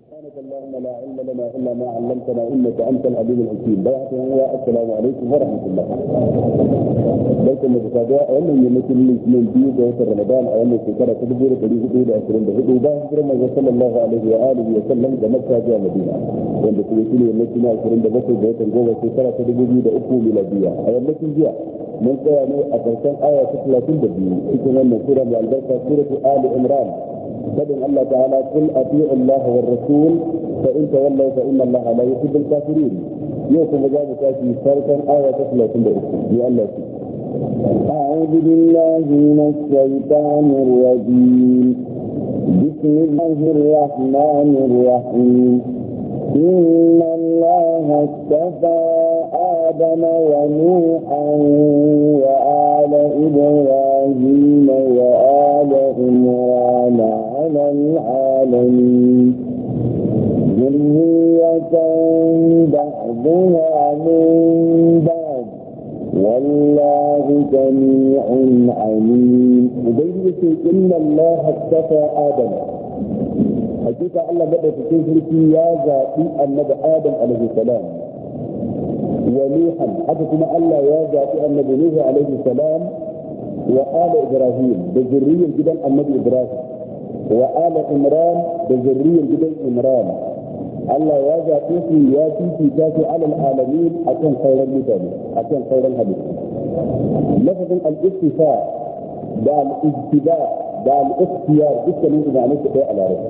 سبحانك اللهم لا علم لنا الا ما علمتنا انك انت العليم الحكيم. السلام عليكم ورحمه الله. بيت المتابع اول من يمكن من اثنين في جوه رمضان اول من سكر تدبير بريد بريد اكرم به وباهر ما صلى الله عليه واله وسلم بمكه جاء المدينه. وانت تقول لي انك ما اكرم به بطل بيت الجوه سكر تدبير بريد اكو ميلاديه. اي التي جاء من قيامه اكرم ايه 32 بدي. سكر من سوره البركه سوره ال عمران. فدن الله تعالى قل اطيعوا الله والرسول فان تولوا فان الله لا يحب الكافرين يوسف جاب كافي فرقا آية تسلى كل اسم أعوذ بالله من الشيطان الرجيم بسم الله الرحمن الرحيم إن الله اصطفى آدم ونوحا وآل إبراهيم وآل عمران على العالمين ذرية بعضها من بعض والله جميع عليم وبين إن الله اكتفى آدم حديث الله بدأ في يا ذاتي النبي آدم عليه السلام ونوحا حتى ما الله يا ذاتي النبي نوح عليه السلام وآل إبراهيم بذرية جدا النبي إبراهيم wa ala imran da zurriyar gidan imran Allah ya zaɓe su ya fifita su alal a kan sauran mutane kan sauran halittu lafazin al-istifa da al-ijtiba da al-ikhtiyar dukkanin idanun su ɗaya a larabci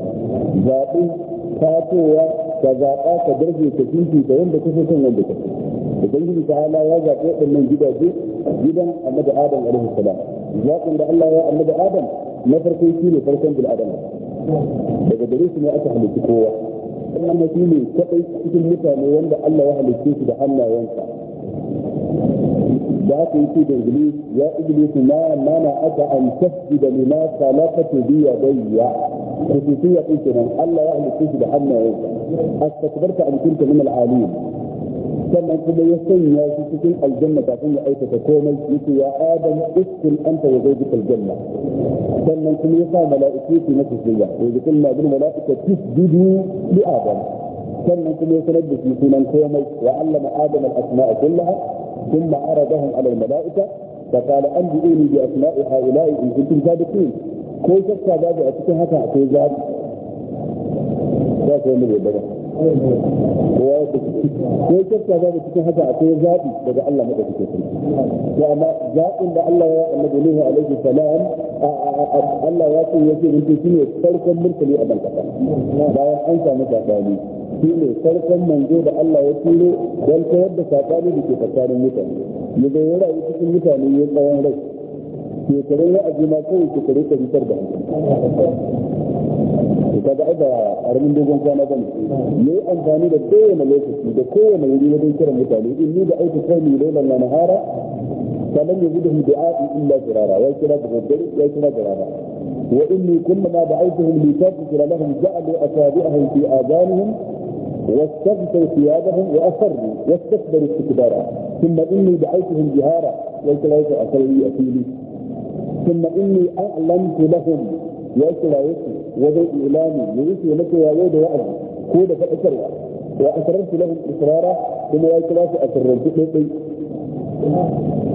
zaɓe fatowa ka zaɓa ka darje ka ta wanda fi son wanda kake ubangiji ta hala ya zaɓe waɗannan gidaje gidan annabi adam alaihi salam zaɓin da Allah ya annabi adam na farko shi ne farkon bil adama daga gare shi ne aka halitta kowa kuma shi ne kadai cikin mutane wanda Allah ya halitta shi da hannayensa da haka yake da iblis ya iblis ma mana aka an tasjida lima khalaqatu bi yadayya kusurciya ɗin kenan Allah ya halitta shi da hannayensa astakbarta an kunta min al-alim sannan kuma ya sanya shi cikin aljanna kafin ya aikata komai yake ya adam iskun anta wa zawjika aljanna sannan kuma ya sa mala'iku su masa sujja wa yakunna bil mala'ika tusjudu li adam sannan kuma ya sanar da shi sunan komai wa allama adam al asma'a kullaha ala mala'ika fa ثم عرضهم على الملائكة فقال أنبئوني بأسماء هؤلاء إن كنتم صادقين كل شخص هذا أتيت هكا أتيت ذات yi يوم اليوم sai kyauta ba da cikin haka akwai zaɓi daga Allah maka cikin sarki to amma zaɓin da Allah ya annabi Nuhu alaihi salam Allah ya ce yake rubuce shi ne farkon murtali a balkata bayan an samu sabani shi ne farkon manzo da Allah ya turo don ta yadda sabani da ke tsakanin mutane ya ga ya rayu cikin mutane ya tsawon rai shekarun ya ajima kawai shekaru ɗari da ka ga ba armin dogon kwana bane ne amfani da kowane lokaci da kowane wuri wajen kiran mutane in ni da aiki kai ni lailan na nahara فلم يجده دعائي الا فرارا يا كلا تغدري يا كلا فرارا واني كلما دعوتهم لتغفر لهم جعلوا اصابعهم في اذانهم واستغفروا ثيابهم واصروا واستكبروا استكبارا ثم اني دعوتهم جهارا يا كلا اصلي اثيلي ثم اني اعلنت لهم يا كلا يسري وجه الإعلام يوصي لك يا ولد وعد كود فأكر وأكررت لهم إصرارا ثم لا يتلاف أكررت لكي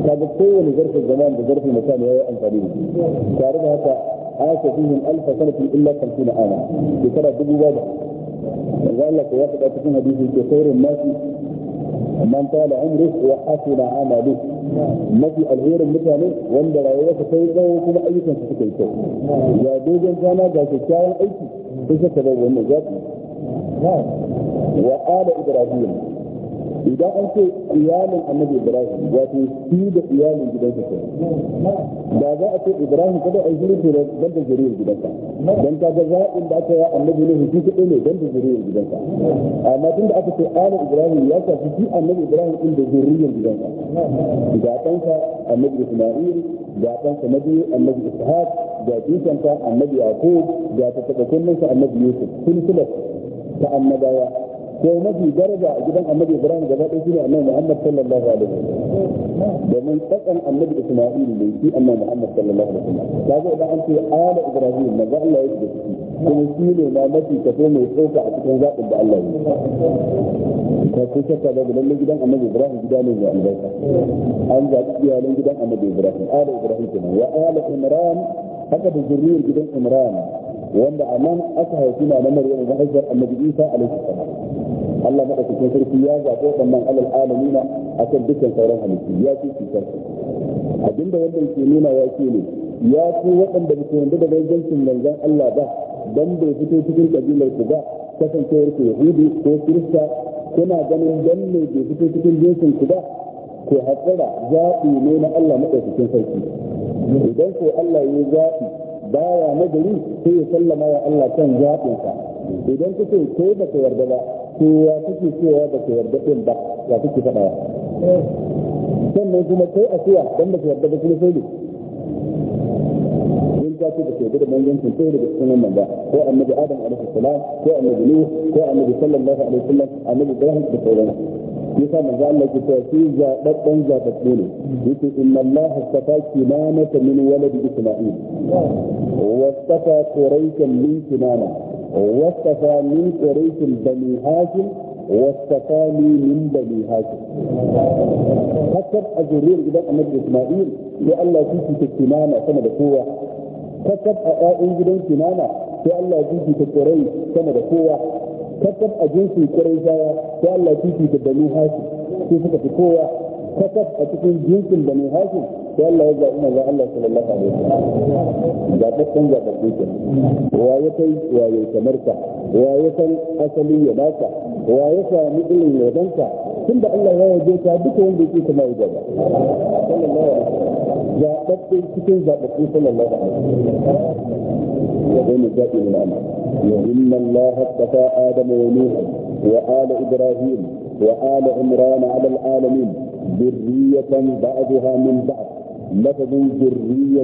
هذا الطول لظرف الزمان بظرف المكان يا أنت عليهم تعرف هذا فيهم ألف سنة إلا خمسين عاما بسرعة دبي واضع لك واحد أتكون هذه الكثير الناس من طال عمره وحسن عمله mafi alherin mutane wanda rayuwarsa ta yi tsawo kuma ayyukansa suka yi kyau ya dogon kwana ga kyakkyawan aiki sai suka bai wannan zaɓi wa ala ibrahim idan an ce iyalin annabi ibrahim wato shi da iyalin gidansa ke da za a ce ibrahim kada a yi shirin da dan da zuriyar gidansa dan ka ga zaɓin da aka yi annabi ne shi kaɗai ne dan da zuriyar gidansa amma tun da aka ce alin ibrahim ya shafi shi annabi ibrahim din da zuriyar gidansa ga ɗansa annabi isma'il ga ɗansa na biyu annabi ishaq ga jikansa annabi yaqub ga tattaɓa kunnensa annabi yusuf sun ta annabawa sai mafi daraja a gidan annabi ibrahim gaba ɗaya shine annabi muhammad sallallahu alaihi wasallam domin tsakan annabi isma'il ne shi annabi muhammad sallallahu alaihi wasallam kaga idan an ce ala ibrahim manzo Allah ya ce kuma shi ne na mafi kaso mai tsoka a cikin zaɓin da Allah ya yi ka ko shakka da lalle gidan annabi ibrahim gida ne mai albarka an zaɓi iyalan gidan annabi ibrahim ala ibrahim kenan wa ala imran haka da zuriyar gidan imran wanda a nan aka haifi na na maryam da haihuwar annabi isa alaihi salam Allah madaukakin sarki ya zaɓo waɗannan alal a akan dukkan sauran halittu ya ce su san abinda wannan ke nuna ya ce ne ya fi waɗanda ba su yarda da gangancin manzon Allah ba dan bai fito cikin kabilar ku ba kasancewar ku yahudi ko kirista kuna ganin dan ne bai fito cikin jinsin ku ba ko hatsara zaɓi ne na Allah madaukakin sarki idan ko Allah ya zaɓi baya gari sai ya sallama ya Allah kan zaɓinsa idan kuke ko ba yarda ba kowa kake cewa ba ka yarda ɗin ba ya kake faɗa sannan kuma kai a cewa don ba ka yarda ba kuma sai ne in ka ce ba ka yarda da manzancin sai daga cikin wannan ba ko annabi adam alaihi salam ko annabi nuh ko annabi sallallahu alaihi wasallam annabi ibrahim da sauran yasa manzo Allah ke cewa shi zababban zababbe ne yake inna Allah istafa kinanata min walad isma'il wa istafa quraykan min kinana واصطفى من قريش بني هاشم واصطفاني من بني هاشم. كتب الزهرير جدا أمد إسماعيل لألا تجي في السنانة كما بقوة. كتب أقائل جدا سنانة لألا تجي في قريش كما بقوة. كتب أجنسي قريشة لألا تجي في بني هاشم. في بقوة. kasaf a cikin jinsin da mai hakim sai Allah ya zaɓi manzon Allah sallallahu alaihi wasallam ga kasan zaɓaɓɓu ke wa ya kai wa ya kamar ka wa ya san asalin ya baka wa ya sami irin yabon ka tun da Allah ya yaje ka duka wanda yake kuma ya gaba sallallahu alaihi wasallam zaɓaɓɓu cikin zaɓaɓɓu sallallahu alaihi wasallam وبين الذكر والأنثى وإن الله اصطفى آدم ونوحا وآل إبراهيم وآل عمران على العالمين ذرية بعضها من بعض لفظ ذرية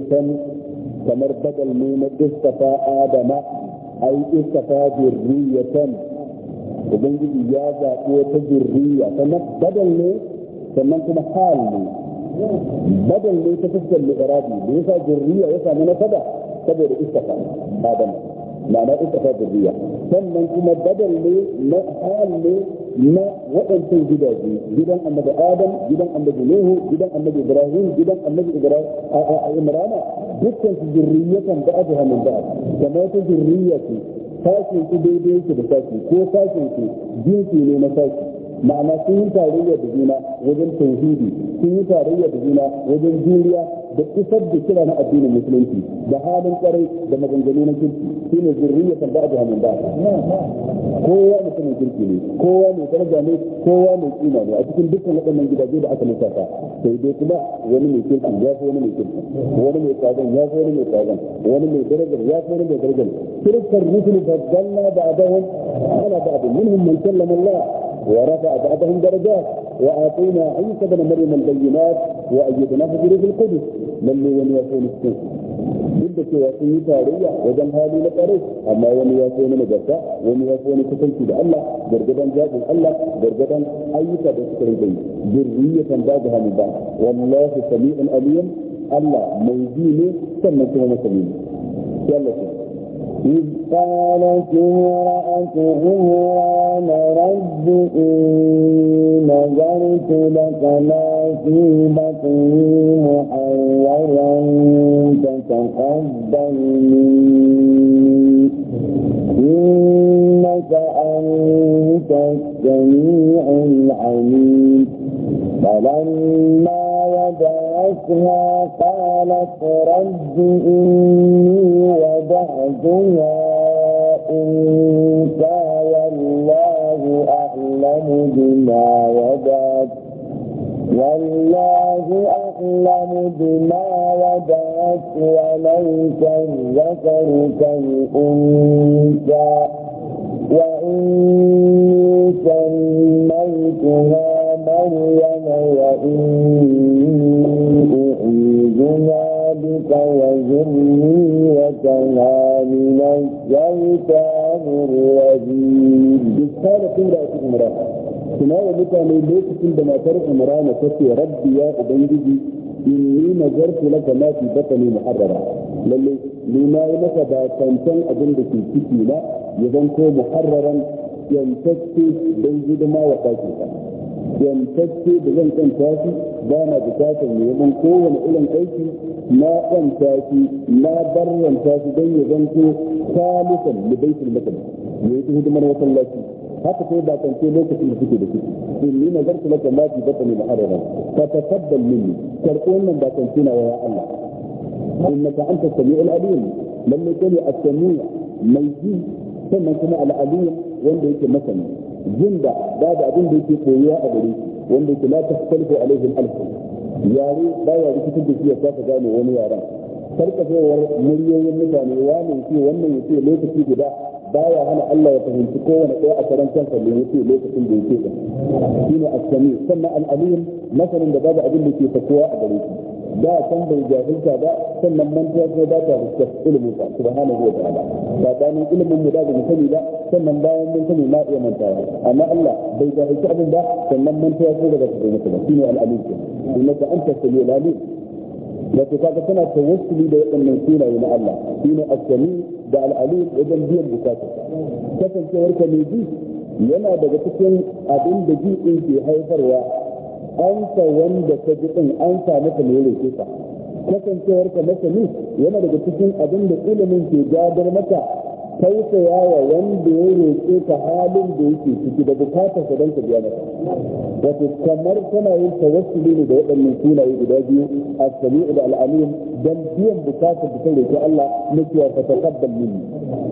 كمر بدل من اصطفى آدم أي اصطفى ذرية وبنجي إجازة ذات ذرية فمن بدل من فمن كما حال بدل من تفسر لإرادي ليس ذرية يسعى من فدا صدر اصطفى آدم معناه اصطفى ذرية ثم كما بدل من حال na waɗancan gidaje gidan annabi adam gidan annabi nuhu gidan annabi ibrahim gidan annabi ibrahim imrana dukkan su zurriyatan da aka hannun da kamar ta zurriya ce sashin su daidai yake da sashi ko sashin su jinsi ne na sashi ma'ana sun yi tarayya da juna wajen tauhidi sun yi tarayya da juna wajen juriya da isar da kira na addinin musulunci da halin kwarai da maganganu na kirki shi ne zurriya kan ba'a jihamin ba kowa mutumin kirki ne kowa ne daraja ne kowa ne kima ne a cikin dukkan waɗannan gidaje da aka lissafa sai dai kuma wani mai kirki ya fi wani mai kirki wani mai tsadan ya fi wani mai tsadan wani mai darajar ya fi wani mai darajar kirkar musulun ba zanna ba a adawar ana da abin minhum man kallama Allah ورفع بعدهم درجات واعطينا عيسى بن مريم البينات وايدناه بروح القدس من لم يكن السنه ضد سياسي ساريه وجم هذه لقريش اما ومن يكون مجدا ومن يكون كتنسي الله برجدا جاب الله برجدا عيسى بن مريم ذريه بعدها من بعض والله سميع اليم الله موجود سنه ثم سميع. يلا سيدي. إذ قالت امرأة عمران رب إن نذرت لك ما في بطني محررا تتقبل مني إنك أنت السميع العليم فلما فدعتها قالت رب إني وضعتها أنثى والله أعلم بما وضعت والله أعلم بما وضعت وليس الذكر كالأنثى وإني سميتها مريم وإني أعيذنا بك وذريتها من الشيطان الرجيم بسالة امرأة عمران كما ومتعني ليس عند ما ترك عمران تسي ربي يا أبنجي إني نظرت لك ما في بطني محررا للي لما لك باكنتن أبنجي في كتيلة يظن محررا ينتسي بنجي ما وقاتلها yantacce da zan kwanta shi ba na bukatar ne yaban kowane irin aiki na kwanta shi na barranta shi don ya zanto salisan da baitul maqdis ne yake hidimar masallaci haka sai ba kance lokacin da suke da shi in ni nazartu laka ma fi batni muharrara fa tafaddal minni karko wannan ba kance na waya Allah innaka anta samiul alim lalle kai as-sami' mai ji sannan kuma al-alim wanda yake masani jin da babu abin da yake koyuwa a gare wanda yake la a alaihim alfu yare ba ya rikitar da shi ya saka gane wani yaran karkafewar muryoyin mutane wani ce wannan ya lokaci guda baya hana Allah ya fahimci kowane ɗaya a karan kansa da ya lokacin da ya ce shi ne asami sannan al'alim masanin da babu abin da ke fakowa a gare shi da san bai jahilta ba sannan mantuwa ko ba ta fuskar ilimin sa subhanahu wa ta'ala tsakanin ilimin mu da ba mu sani ba sannan bayan mun sani na iya mantawa amma Allah bai jahilta abin ba sannan mantuwa ko ba ta fuskar ba shine al-alim innaka anta samiul alim wato kaga tana tawassuli da wannan sunaye na Allah shine as-sami da al-alim wajen biyan bukatu kasancewar ka ne yana daga cikin abin da ji ke haifarwa Ansa wanda ka ji din an sa maka ne yake ka kasancewar ka yana daga cikin abin da ilimin ke jadar maka tausaya wa wanda ya roƙe ka halin da yake ciki da bukatar sa don ka biya maka wato kamar kana yin tawassuli ne da waɗannan sunaye guda biyu as-sami'u da al-alim dan biyan bukatar da kan roƙi Allah na cewa ka taqabbal minni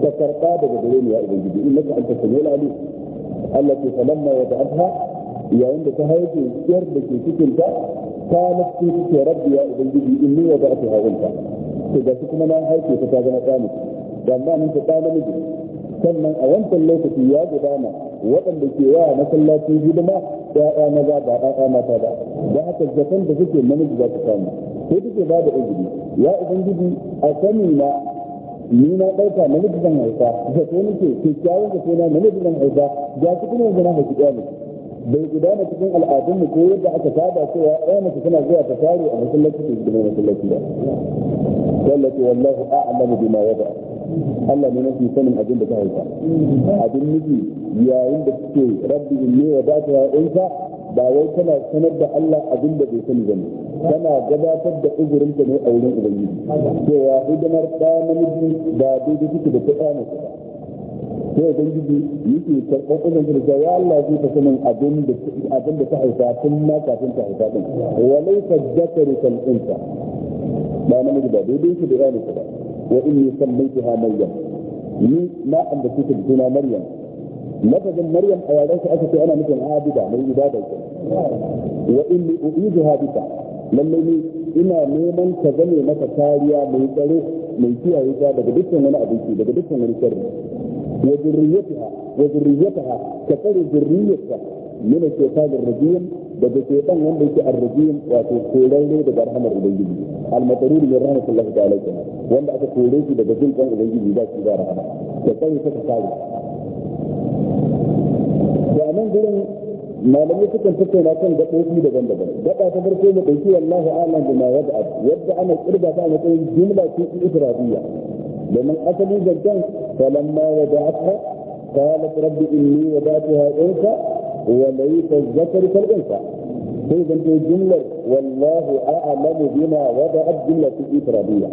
ka karɓa daga gare ni ya ubangiji innaka anta samiul alim Allah ke falamma wa ta'adha yayin da ta haife yar da ke cikin ta ta lafi take rabbi ya ubangiji in ni wata wa ba ta haunta to ga su kuma na haife ta ta zama tsani da amma nan ta tsani miji sannan a wancan lokaci ya gudana waɗanda ke yawa masallaci hidima na za ba ɗaya mata ba da haka zaton da suke namiji za ta samu sai take ba da izini ya ubangiji a sani na ni na ɗauka namiji zan haifa zato nake kyakkyawan zato na namiji zan haifa ga su kuma yanzu na haifi ɗaya bai gudana cikin al'adunmu ko yadda aka saba cewa ɗaya mace tana zuwa ta tare a masallaci ta gina masallaci ba wallahi wallahu a'lamu bima yada Allah ne mafi sanin abin da ta haifa abin miji yayin da suke rabbi ne wa da'ata ya unsa ba wai tana sanar da Allah abin da bai sani bane tana gabatar da uzurin ta ne a wurin ubangiji cewa hidimar ɗaya namiji ba daidai suke da ta ɗaya mace ba sai ubangiji yake karɓar ɗan da ya Allah zai ta sanin abin da abin da ta haifa tun ma kafin ta haifa din wa laysa dhakaru kal unsa ba namiji ba daidai ki da yana ki ba wa inni sammaytuha maryam ni na ambace ta suna maryam lafazin maryam a yaren shi aka ce ana nufin abida mai ibada ke wa inni uiduha bika lallai ne ina neman ka zame maka kariya mai tsaro mai kiyaye ta daga dukkan wani abinci daga dukkan wani sharri وذريتها وذريتها كفر ذريتها من الشيطان الرجيم daga shaitan wanda yake arrajim wato korarre daga rahamar ubangiji almataruri min rahmatullahi ta'ala kenan wanda aka kore shi daga jin kan ubangiji ba shi ba rahama da kai ta ta kawo da nan gurin malamai sukan tattauna kan gaɓoɓi daban-daban gaɓa ta farko mu ɗauki wallahu a'lam bima yad'a yadda ana kirga ta a matsayin jumla لما قتلوا جلدان فلما وضعتها قالت رب إني وضعتها أنثى وليس الذكر كالأنثى في ذنبه الجملة والله أعلم بما وضعت جملة في إفرادية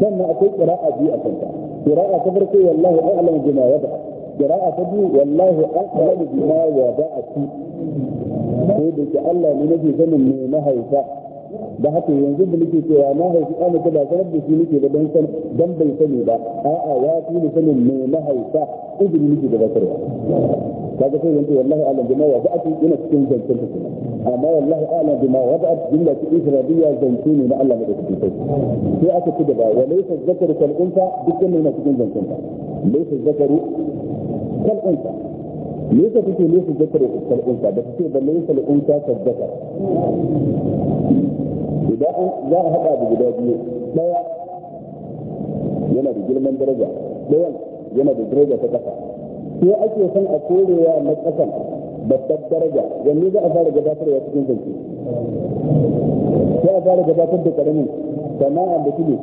ثم اقول قراءة دي أفنتا قراءة تبركي والله أعلم بما وضعت قراءة تبركي والله أعلم بما وضعت في ذنبه الله من أجل ذنب من نهي da haka yanzu da nake cewa na haifi ɗana ta ba sanar da shi nake ba don san dan bai sani ba a'a ya fi ni sanin me na haifa izini nake gabatarwa kaga sai yanzu wallahi alam bima wada'at ina cikin zancen ta amma wallahi alam bima wada'at jumla ta isra'iliya zance ne na Allah da take sai sai aka ci gaba wa laysa zakaru kal unsa dukkan ne na cikin zancen ta laysa zakaru kal unsa ليس تكي ليس ذكر كالأنثى بس تكي بل ليس الأنثى كالذكر إذا لا هذا بجدا بيو لا yana da girman daraja ɗayan yana da daraja ta ƙasa sai ake son a korewa na ƙasan babbar daraja wanne za a fara gabatar da cikin zance sai a fara gabatar da ƙaramin sannan a da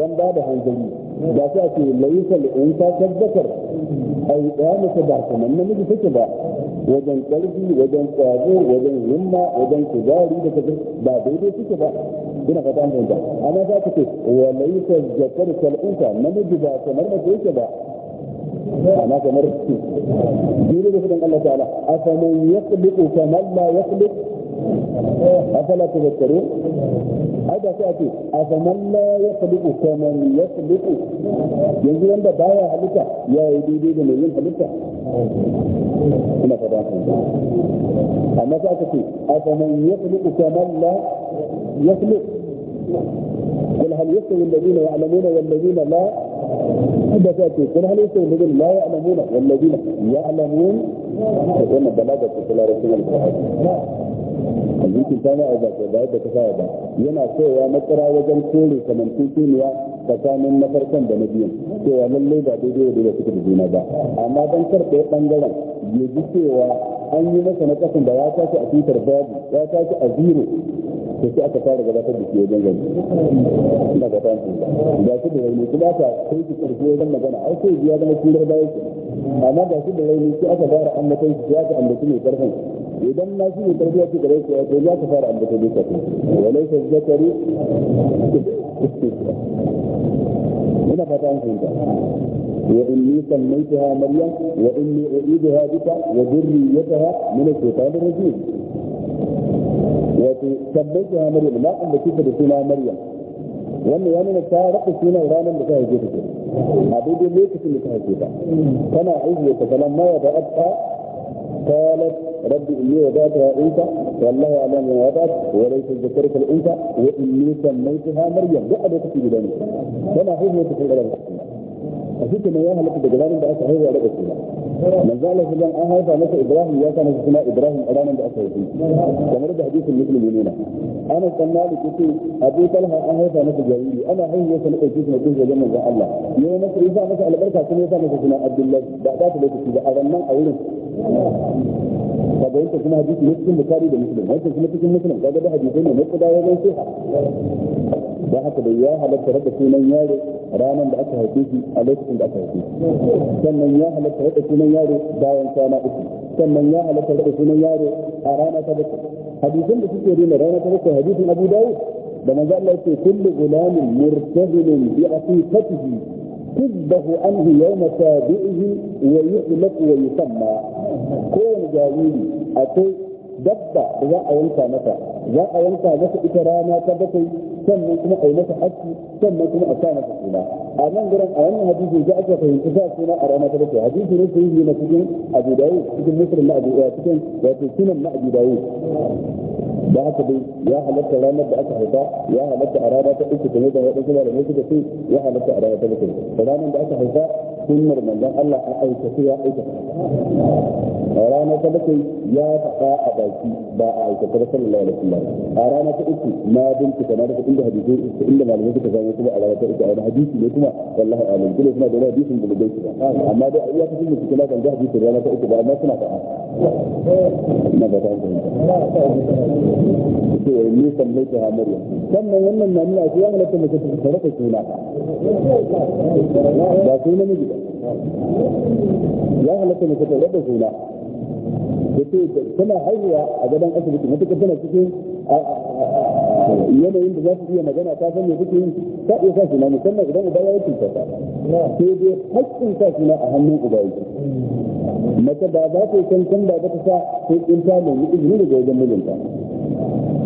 don ba da hanzari ba ta ce laisa da unta tabbatar ai da mata ba kamar namiji take ba wajen karfi wajen kwazo wajen himma wajen kuzari da kaza ba daidai suke ba ina fata an fahimta amma za ka ce wa laisa zakar kal'unta namiji ba kamar mace yake ba ana kamar jiri da sudan Allah ta'ala afaman yaqliqu kaman la yaqliqu أفلا تذكرون هذا تأتي أفمن لا يخلق كمن يخلق يجي عند بايا حلقة يا يديدي بمليون حلقة أنا فضاك أما تأتي أفمن يخلق كمن لا يخلق قل هل يستوي الذين يعلمون والذين لا هذا تأتي قل هل يستوي الذين لا يعلمون والذين يعلمون فإن بلاغة في رسول الله a jikin ta ma'a ba ba da ta ba yana kowa makara wajen kore kamantuniya tsakanin na farkon da na biyan cewa lallai ba daidai da ya fita da juna ba amma don karɓe ɓangaren ya ji cewa an yi masa na kasan da ya tashi a tutar babu ya tashi a zero Da su aka fara gabatar da shi wajen gani ina ga tantu ga su da rauni ba aka kai su karfi wajen magana ai sai biya zama kurar bayan su amma ga su da rauni su aka fara ambatan su sai aka ambaci mai karfin idan na shi tarbiya ce gare shi to za ka fara ambata duka ce walai ka zakari ina fata an fahimta وإني سميتها مريم وإني أعيدها بك وذريتها من الشيطان الرجيم وسميتها مريم لا أن تكتب بسنا مريم wannan ya nuna ta raka sunan ranar da ta haife ta ke a daidai lokacin da ta haife ta tana aiki ta kalan maya da ta قالت ربي إني وضعتها أنثى والله أعلم ما وضعت وليس ذكرك الانثى وإني سميتها مريم لا أبو تكتب ذلك فما حزن تكتب ذلك أشوف ما ياها لك بجلال بأس هو رب السلام manzo Allah idan an haifa masa Ibrahim ya kana suna Ibrahim a da aka haife kamar da hadisin Muslim ne na ana kan malik yace Abu Talha an haifa masa jariri ana haihuwa sa na ɗauki suna ɗauki wajen manzo Allah ne ya masa isa masa albarka kuma ya sa masa suna Abdullahi ba da ta lokaci ba aran nan a wurin kaga yanka suna hadisi ne cikin Bukhari da Muslim wancan kuma cikin Muslim kaga da hadisi ne na kudawa ne sai don haka da ya halatta rada sunan yaro ranar da aka haife shi a lokacin da aka haife shi sannan ya halatta rada sunan yaro bayan kwana uku sannan ya halatta rada sunan yaro a rana ta bakwai hadisin da suke nuna rana ta bakwai hadisin abu dawud da manzo Allah yake kullu gulamin murtahilin bi aqiqatihi تذبح عنه يوم سابعه ويحلق ويسمى كون جاويلي أتي dabba da za a yanka mata za a yanka mata ita rana ta bakwai sannan kuma a yi masa haƙƙi sannan kuma a sa masa suna a nan gurin a wannan hadisi za a ka fahimci sa suna a rana ta bakwai hadisi ne sai yi na cikin abu dawo cikin musulun na abu dawo cikin wato sunan na abu dawo da haka dai ya halatta ranar da aka haifa ya halatta a rana ta uku da ne da waɗansu malamai suka ce ya halatta a rana ta bakwai ranar da aka haifa sunnar manzon Allah a aikace ya aikata a rana ta bakwai ya faɗa a baki ba a aikata ba sallallahu alaihi wasallam a rana ta uku na bincika na daga inda hadisi inda malamai suka zama kuma a rana ta uku a wani hadisi ne kuma wallahi alim kuma suna da hadisin da bai ba amma dai a iya cikin bincike na kan da hadisin rana ta uku ba amma suna faɗa ina ba ta hankali ce ni kan mai ta hamariya sannan wannan na nuna ya halatta mace ta sarrafa suna ba sai namiji ba ya halatta mace ta raɗa suna da ke tana haihuwa a gadon asibiti matuƙa tana cikin yanayin da za su iya magana ta san me take ta iya sa suna musamman idan uba ya yi cuta ta sai dai haƙƙin sa suna a hannun uba yake mace ba za ta yi kankan ba ta sa sai in ta nemi izini da wajen mijinta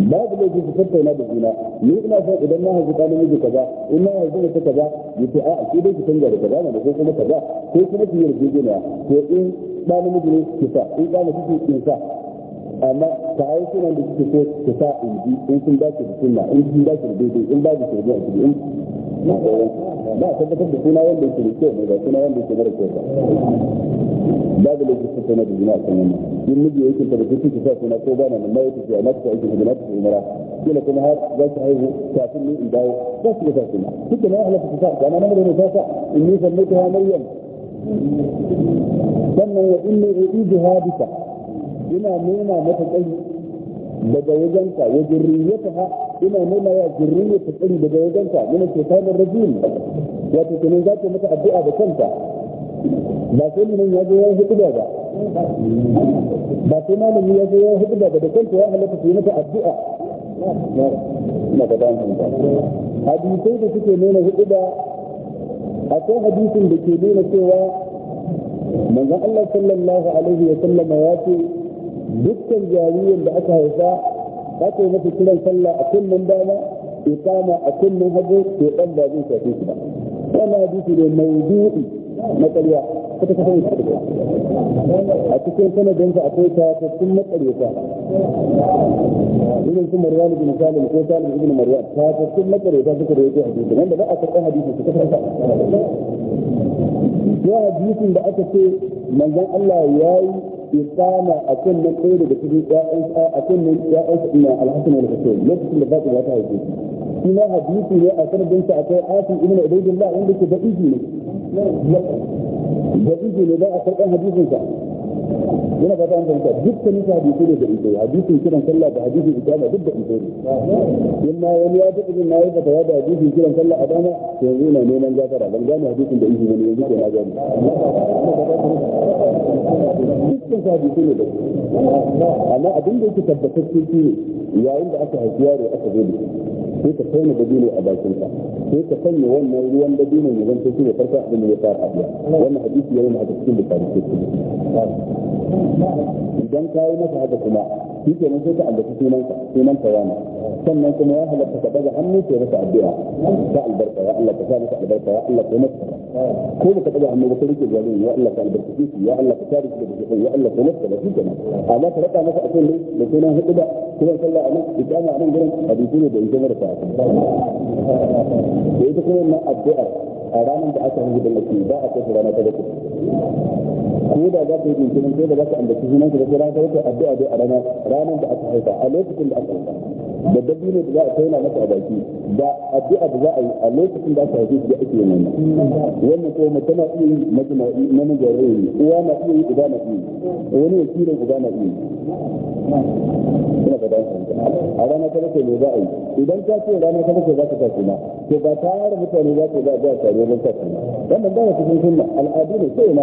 babu da su tattauna da juna ni ina son idan na haifi ɗan miji kaza in na haifi mace kaza ce a ke dai ki canza da kaza na ko kuma kaza ko kuma ki yarjejeniya ko in ɗan miji ne ki sa in ɗan miji ki sa amma ta yi sunan da suke so ki sa in ji in sun dace da sunna in sun dace da daidai in babu shirme a cikin لا تتكلم بسنا يلي تريكوه إذا سنا يلي تريكوه باب اللي يجب تسنا بجناء سنين يوم نجي يجب تريكوه كيف سنا توبانا من ما يجب في عمدك يجب في عمدك في عمرا يلا كما هات جاي سحيه كافل من إداو بس لسا سنا كنت ما أهلا في سفاق أنا نمر نفاسع إني سميتها مريم سنة وإني أعيدها بك إنا مينا مثل أي بجوزنك وجريتها ina nuna ya zurriya ta tsiri daga wajenta yana ke samun rajin wato kenan za ta mata addu'a da kanta ba sai mun ya zo ya hudu ba ba sai malami ya zo ya hudu ba da kanta ya halatta su yi mata addu'a na ga dan hanta hadisai da suke nuna hudu ba akwai hadisin da ke nuna cewa manzon Allah sallallahu alaihi wa sallama ya ce dukkan jariyan da aka haifa za yi masa kiran sallah a kullum dama iqama a kullum hajji to dan ba zai shafe shi ba wannan hadisi ne mawdu'i na ƙarya kuta kuta ne a cikin sanadin sa akwai ta ta sun maƙaryata irin su marwan ibn salim ko salim ibn maryam ta ta sun maƙaryata suka da yake hadisi wanda ba a karɓar hadisi su kuta ko hadisin da aka ce manzon Allah ya yi isama a kan nan ɗaya daga cikin ƴaƴan a kan nan ƴaƴan sa ina alhassan wal husayn lokacin da fatima ta haife shi ma hadisi ne a sanadin sa akwai asim ibn ubaydillah wanda ke a karɓar hadisin sa yana fata an fahimta dukkanin su hadisi ne da isai hadisin kiran sallah da hadisin ikama duk da isai ne in ma wani ya taɓa jin na yi fata hadisin kiran sallah a dama to yanzu ina neman gafara ban gane hadisin da ne yanzu ke na gani dukkan sa hadisi ne ba amma abin da yake tabbatacce shi ne yayin da aka haifi yaro aka zo da shi sai ka kai dabino a bakin ka sai ka sanya wannan ruwan dabino ne zan tafi da farko abin da ya fara abuwa wannan hadisi yana haka cikin da fara cikin idan ka yi masa haka kuma shi ke nan sai ka ambaci sunanka sunanka yana sannan kuma ya halatta ka daga hannu sai masa addu'a ta albarka ya Allah ka sa masa albarka ya Allah ka masa ko baka daga hannu ba ka rike jalin ya Allah ka albarka shi ya Allah ka tare shi ya Allah ka masa shi kenan amma ka raka masa akan da sunan hudu ba kuma sallah anan ikama anan gurin hadisi ne da yake marasa da ita kuma addu'a a ranar da aka hanzu da mace ba a kai rana ta bakwai ko da za ka yi jinkirin ko da za ka ambaci sunan ka da ranar ta bakwai addu'a dai a ranar da aka haifa a lokacin da aka haifa da ne da za a tauna masa a baki da addu'a da za a yi a lokacin da aka haife shi da ake yin wannan ko mace na iya yi mace na iya namiji na iya yi uwa na iya yi uba na iya yi wani ya kira uba na iya yi a rana ta bakwai ne za a yi idan ka ce rana ta bakwai za ka tafi na to ba ta yara mutane za ka za a tare don tafi na wannan ba ya cikin sunna al'adu ne sai na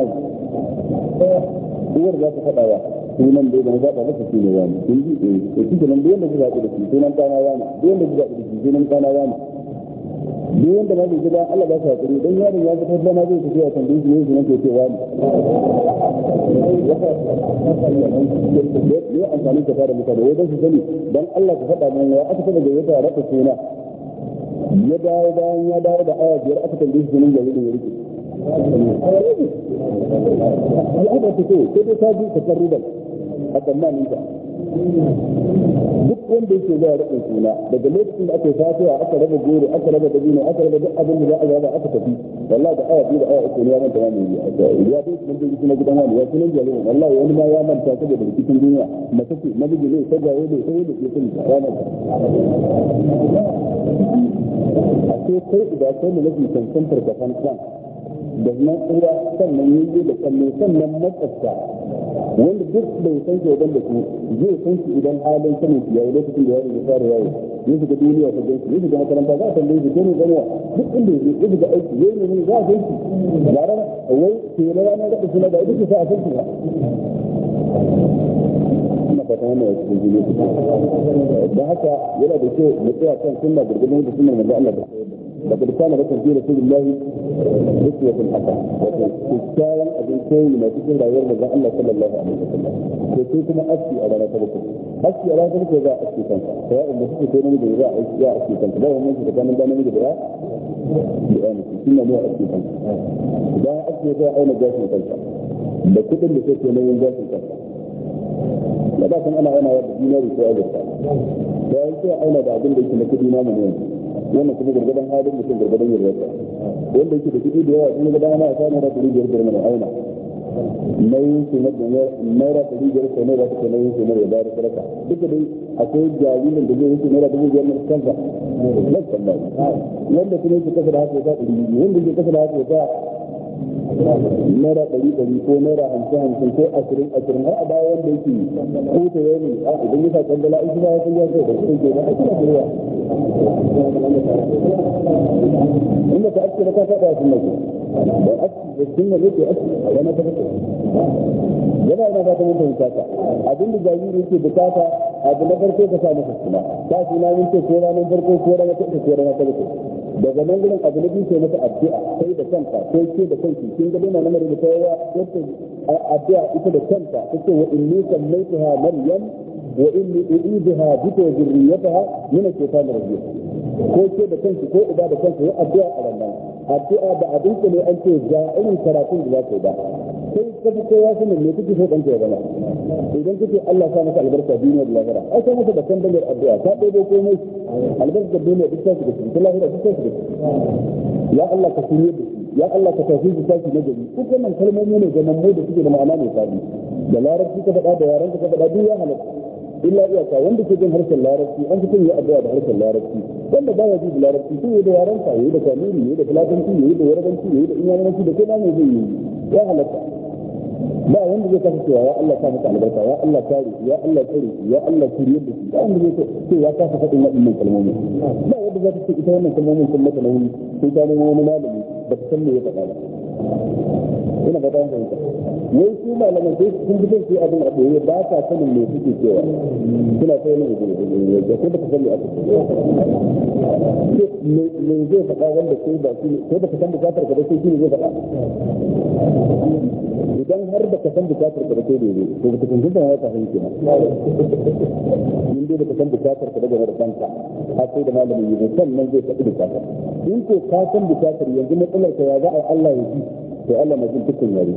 yi uwar za ta faɗa sunan da ban zaɓa masa ne wani ji eh da shi kenan da shi sunan kana wani duk wanda da shi sunan kana wani duk wanda ma bai gida Allah ba sa hakuri don yaron ya fitar da zai a tambayi shi ne sunan ke cewa ne amfani ka fara mutane wai dan su sani Allah ka faɗa mun ya aka a suna ya dawo bayan ya dawo da aya biyar aka tambayi su sunan gari ya rike ta ce sai dai ta ji a tsammanin ka duk wanda yake zuwa rabin suna daga lokacin da aka a aka raba goro aka raba dabino aka raba duk abin da za a raba aka tafi wallahi da aya biyu da aya uku ne ya manta wani ya ya dai kuma dai kuma gidan wani ya kuma jalo wallahi wani ma ya manta saboda rikicin duniya mace ce namiji ne sai ga wani sai da ke sun ranar a ce kai idan kai mu nafi cancantar da kan da nan uwa sannan yi da sannan sannan matsafta wanda duk bai san shi idan da ku zai san shi idan halin sanin shi yayi lokacin da ya fara yayi ya shiga duniya ta gaishe ya shiga makaranta za a san shi ko duk inda ya ya shiga aiki ya ne za a san shi gara wai ke na rana da suna da ita ta san shi ba ina fata wannan yake da haka yana da kyau mu tsaya kan sunna gurgurdan da sunna manzo Allah da لقد كان لكم في رسول الله أسوة حسنة وكان أبن كون ما تكون غير مزاح الله صلى الله عليه وسلم فكيفما أسي أبانا تبكم أسي أبانا تبكم إذا أسي كنت سواء المسيح كون من إذا أسي كنت لا يوم يجب كان من دائما يجب لا بآن سنة نوع أسي كنت إذا أسي كنت أين جاسم كنت بكتب لسيكون من جاسم كنت da ba san ana yana yadda dinari ko azurfa da yanzu aina da abin da yake na kudi namu ne wannan kuma gargadan halin mutum gargadan yarwarsa wanda yake da kuɗi da yawa in ga dama a sa naira ɗari auna nauyin su na naira ɗari biyar ko naira ta nauyin su naira da sadaka duka dai akwai jaririn da zai yi naira dubu biyar na kansa wanda kuma yake kasa da haka ya sa ɗari biyu wanda yake kasa da haka ya sa naira ɗari ɗari ko naira hamsin hamsin ko ashirin ashirin har a baya wanda yake ko ta yau ne a idan ya saƙon dala in kuma ya san yadda da su ke da a cikin ruwa inda ta aske na kasa da sun nake da aske da sun nake da aske a yana ta yana yana ba ta mun fahimta ka abin da jariri yake bukata abu na farko ka sa masa suna ta suna mun ce ko ranar farko ko ranar farko ko ranar farko daga nan gurin abu na biyu sai masa addu'a sai da kanka sai ke da kanki kin ga dole namar da ta yawa yadda addu'a ita da kanta take wa inni sallaitaha maryam wa inni u'idaha bika wa dhurriyyataha min ash-shaytanir rajim ko ke da kanki ko uba da kanki ya addu'a a wannan addu'a da abin ne an ce ja'irin karatun da za ka yi ba kai kafa kowa sun ne kuke so ɗanka ya zama idan kuke Allah sa masa albarka duniya da lahira ai sai masa da kambalar addu'a ta ɗebo komai albarkar duniya duk ta shiga ciki ta lahira duk ta da ciki ya Allah ka shirye da shi ya Allah ka tafi da tashi na gari duk wannan kalmomi ne ga nan da suke da ma'ana mai fadi da larabci ka faɗa da yaran ka faɗa duk ya halatta illa iyaka wanda ke jin harshen larabci an fi yi addu'a da harshen larabci wanda ba ya ji da larabci sai ya da yaran sa ya da kamiri ya da filatanci ya da yarabanci ya da inyamanci da kuma ne zai yi ya halatta ba wanda zai kasa cewa ya Allah ta maka albarka ya Allah kare ya Allah kare ya Allah kiriye da shi ba wanda zai ce ya kasa faɗin waɗannan kalmomin ba wanda za ta ce ita wannan kalmomin sun mata nauyi sai ta nemo wani malami ba ta san me ya faɗa ba ina fata wanda wai su malaman sai su sun fi sai abin a ɓoye ba ta sanin me suke cewa suna sai ne da ko ba ka sani a me zai faɗa wanda sai ba shi ko ba ka san bukatar ka ba sai shi ne zai faɗa idan har ba ka san bukatar ka ba sai ne to ba ka san dukkan wata hanki ba in dai ba san bukatar ka ba game da kanka har sai da malamin yi sannan zai faɗi bukatar in ko ka san bukatar yanzu matsalar ka ya za a Allah ya ji to Allah na jin dukkan yare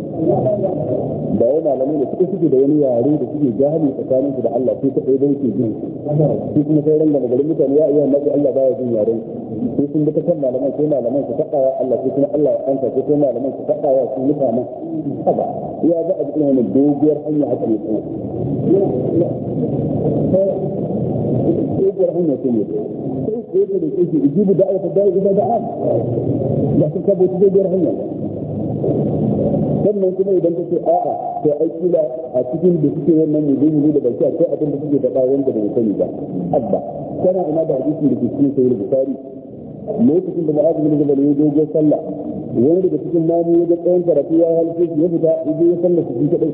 da wai malamai da suke suke da wani yare da suke jahili tsakanin su da Allah sai kadai dai ke jin su kuma sai ran da garin mutane ya iya nabi Allah baya jin yare sai sun bi ta kan malaman sai malaman su takawa Allah sai kuma Allah ya ansa sai malaman su takawa su mutanen haba ya za a cikin wani dogiyar hanya haka ne ko dogiyar hanya ce ne sai ko da yake ijibu da ayyuka da da da da da da da da da da sannan kuma idan ta ce a'a to ai kila a cikin da suke wannan mu zai da baki akwai abin da suke da ba wanda bai sani ba abba kana ina da hadisin da ke cikin sahih bukhari lokacin da ma'azu bin ne ya dogo sallah wanda da cikin mamu ya ga tsayin karatu ya halce shi ya fita ya je ya sallah su kadai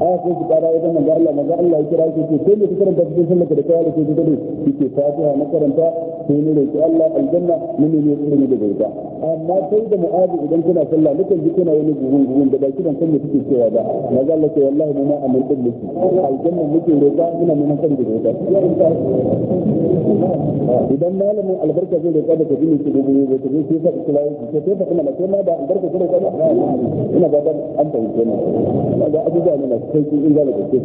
aya kai su kara wajen manzo Allah manzo Allah ya kira shi ce sai ne fitar da cikin sallah da kawai da ke kadai shi ke fatiha makaranta sai ne roki Allah aljanna mun ne ne da gauta amma sai da mu'adi idan kuna sallah mukan ji kuna wani gugun gugun da baki dan san me kuke cewa ba na ga Allah ce wallahi mun amal din muke aljanna muke roka ina mun san da gauta idan malamin albarka zai roka da kaji ne ki gugun da kaji sai fa islamu ce sai fa kuma sai ma da albarka kuma ka ina ba dan an fahimce ne ga abubuwa ne na sai in ga da kake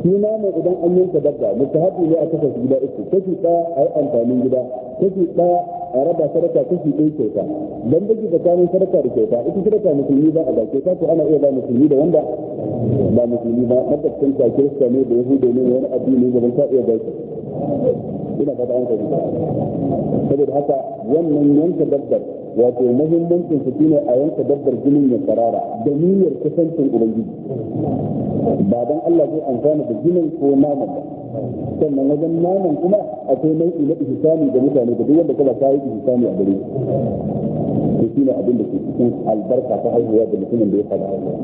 shi ma mai idan an yanka dabba mustahabi ne a kasa gida uku kashi ɗaya a yi amfanin gida kashi ɗaya a raba sadaka kashi ɗaya kyauta dan baki tsakanin sadaka da kyauta ita sadaka musulmi ba a ba kyauta ko ana iya ba musulmi da wanda ba musulmi ba makwabcin ta kirista ne da yahudu ne wani abu ne gaban ta iya ba shi ina ta an kai saboda haka wannan yanka dabbar wato muhimmancin su shine a yanka dabbar jinin ya karara da niyyar kusancin ubangiji ba dan Allah zai amfana da jinin ko naman ba sannan wajen naman kuma akwai nau'i na ihsani da mutane da duk wanda kala ta yi ihsani a gare to shi ne abin da ke cikin albarka ta haihuwa da mutumin da ya fada haihuwa